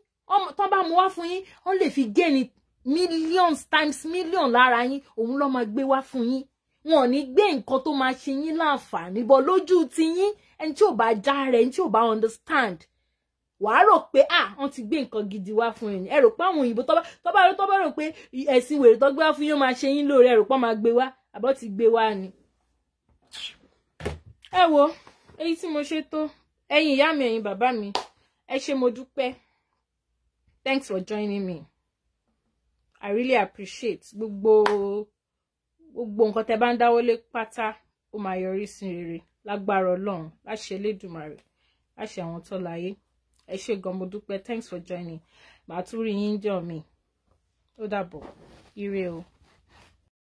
tó bá mu wá fún yín ó lè fi géènì millions times million lára yín òun ló máa gbé wá fún yín wọn ò ní gbé nǹkan tó máa ṣe yín láǹfààní bọ lójú ti yín ẹni tí ò bá já rẹ̀ ẹni tí ò bá understand wàá rò pé à ah, wọ́n ti gbé nǹkan gidi wá fún yín ẹ rò pé àwọn òyìnbó tọ́ba rò tọ́ba rò pé ẹ̀sìn wèrè tó gbé wá fún yín máa ṣe yín lóore ẹ rò pé wọ́n máa gbé wá àbọ̀ ti gbé wá ni. ẹ wo èyí tí mo ṣe tó ẹ̀yin ìyá mi ẹ̀yin bàbá mi ẹ ṣé mo dúpẹ́ thanks for joining me i really appreciate gbogbo gbogbo nǹkan tẹ́ bá ń dáwọ́lé pátá ó máa yọrí sí rere lágbára ọlọ́run láṣẹ elédùmarè láṣẹ àwọn tó láyé ẹ ṣé gan mo dúpẹ́ thanks for joining màá tún rí yín jọ mi ó dàbọ̀ ire o.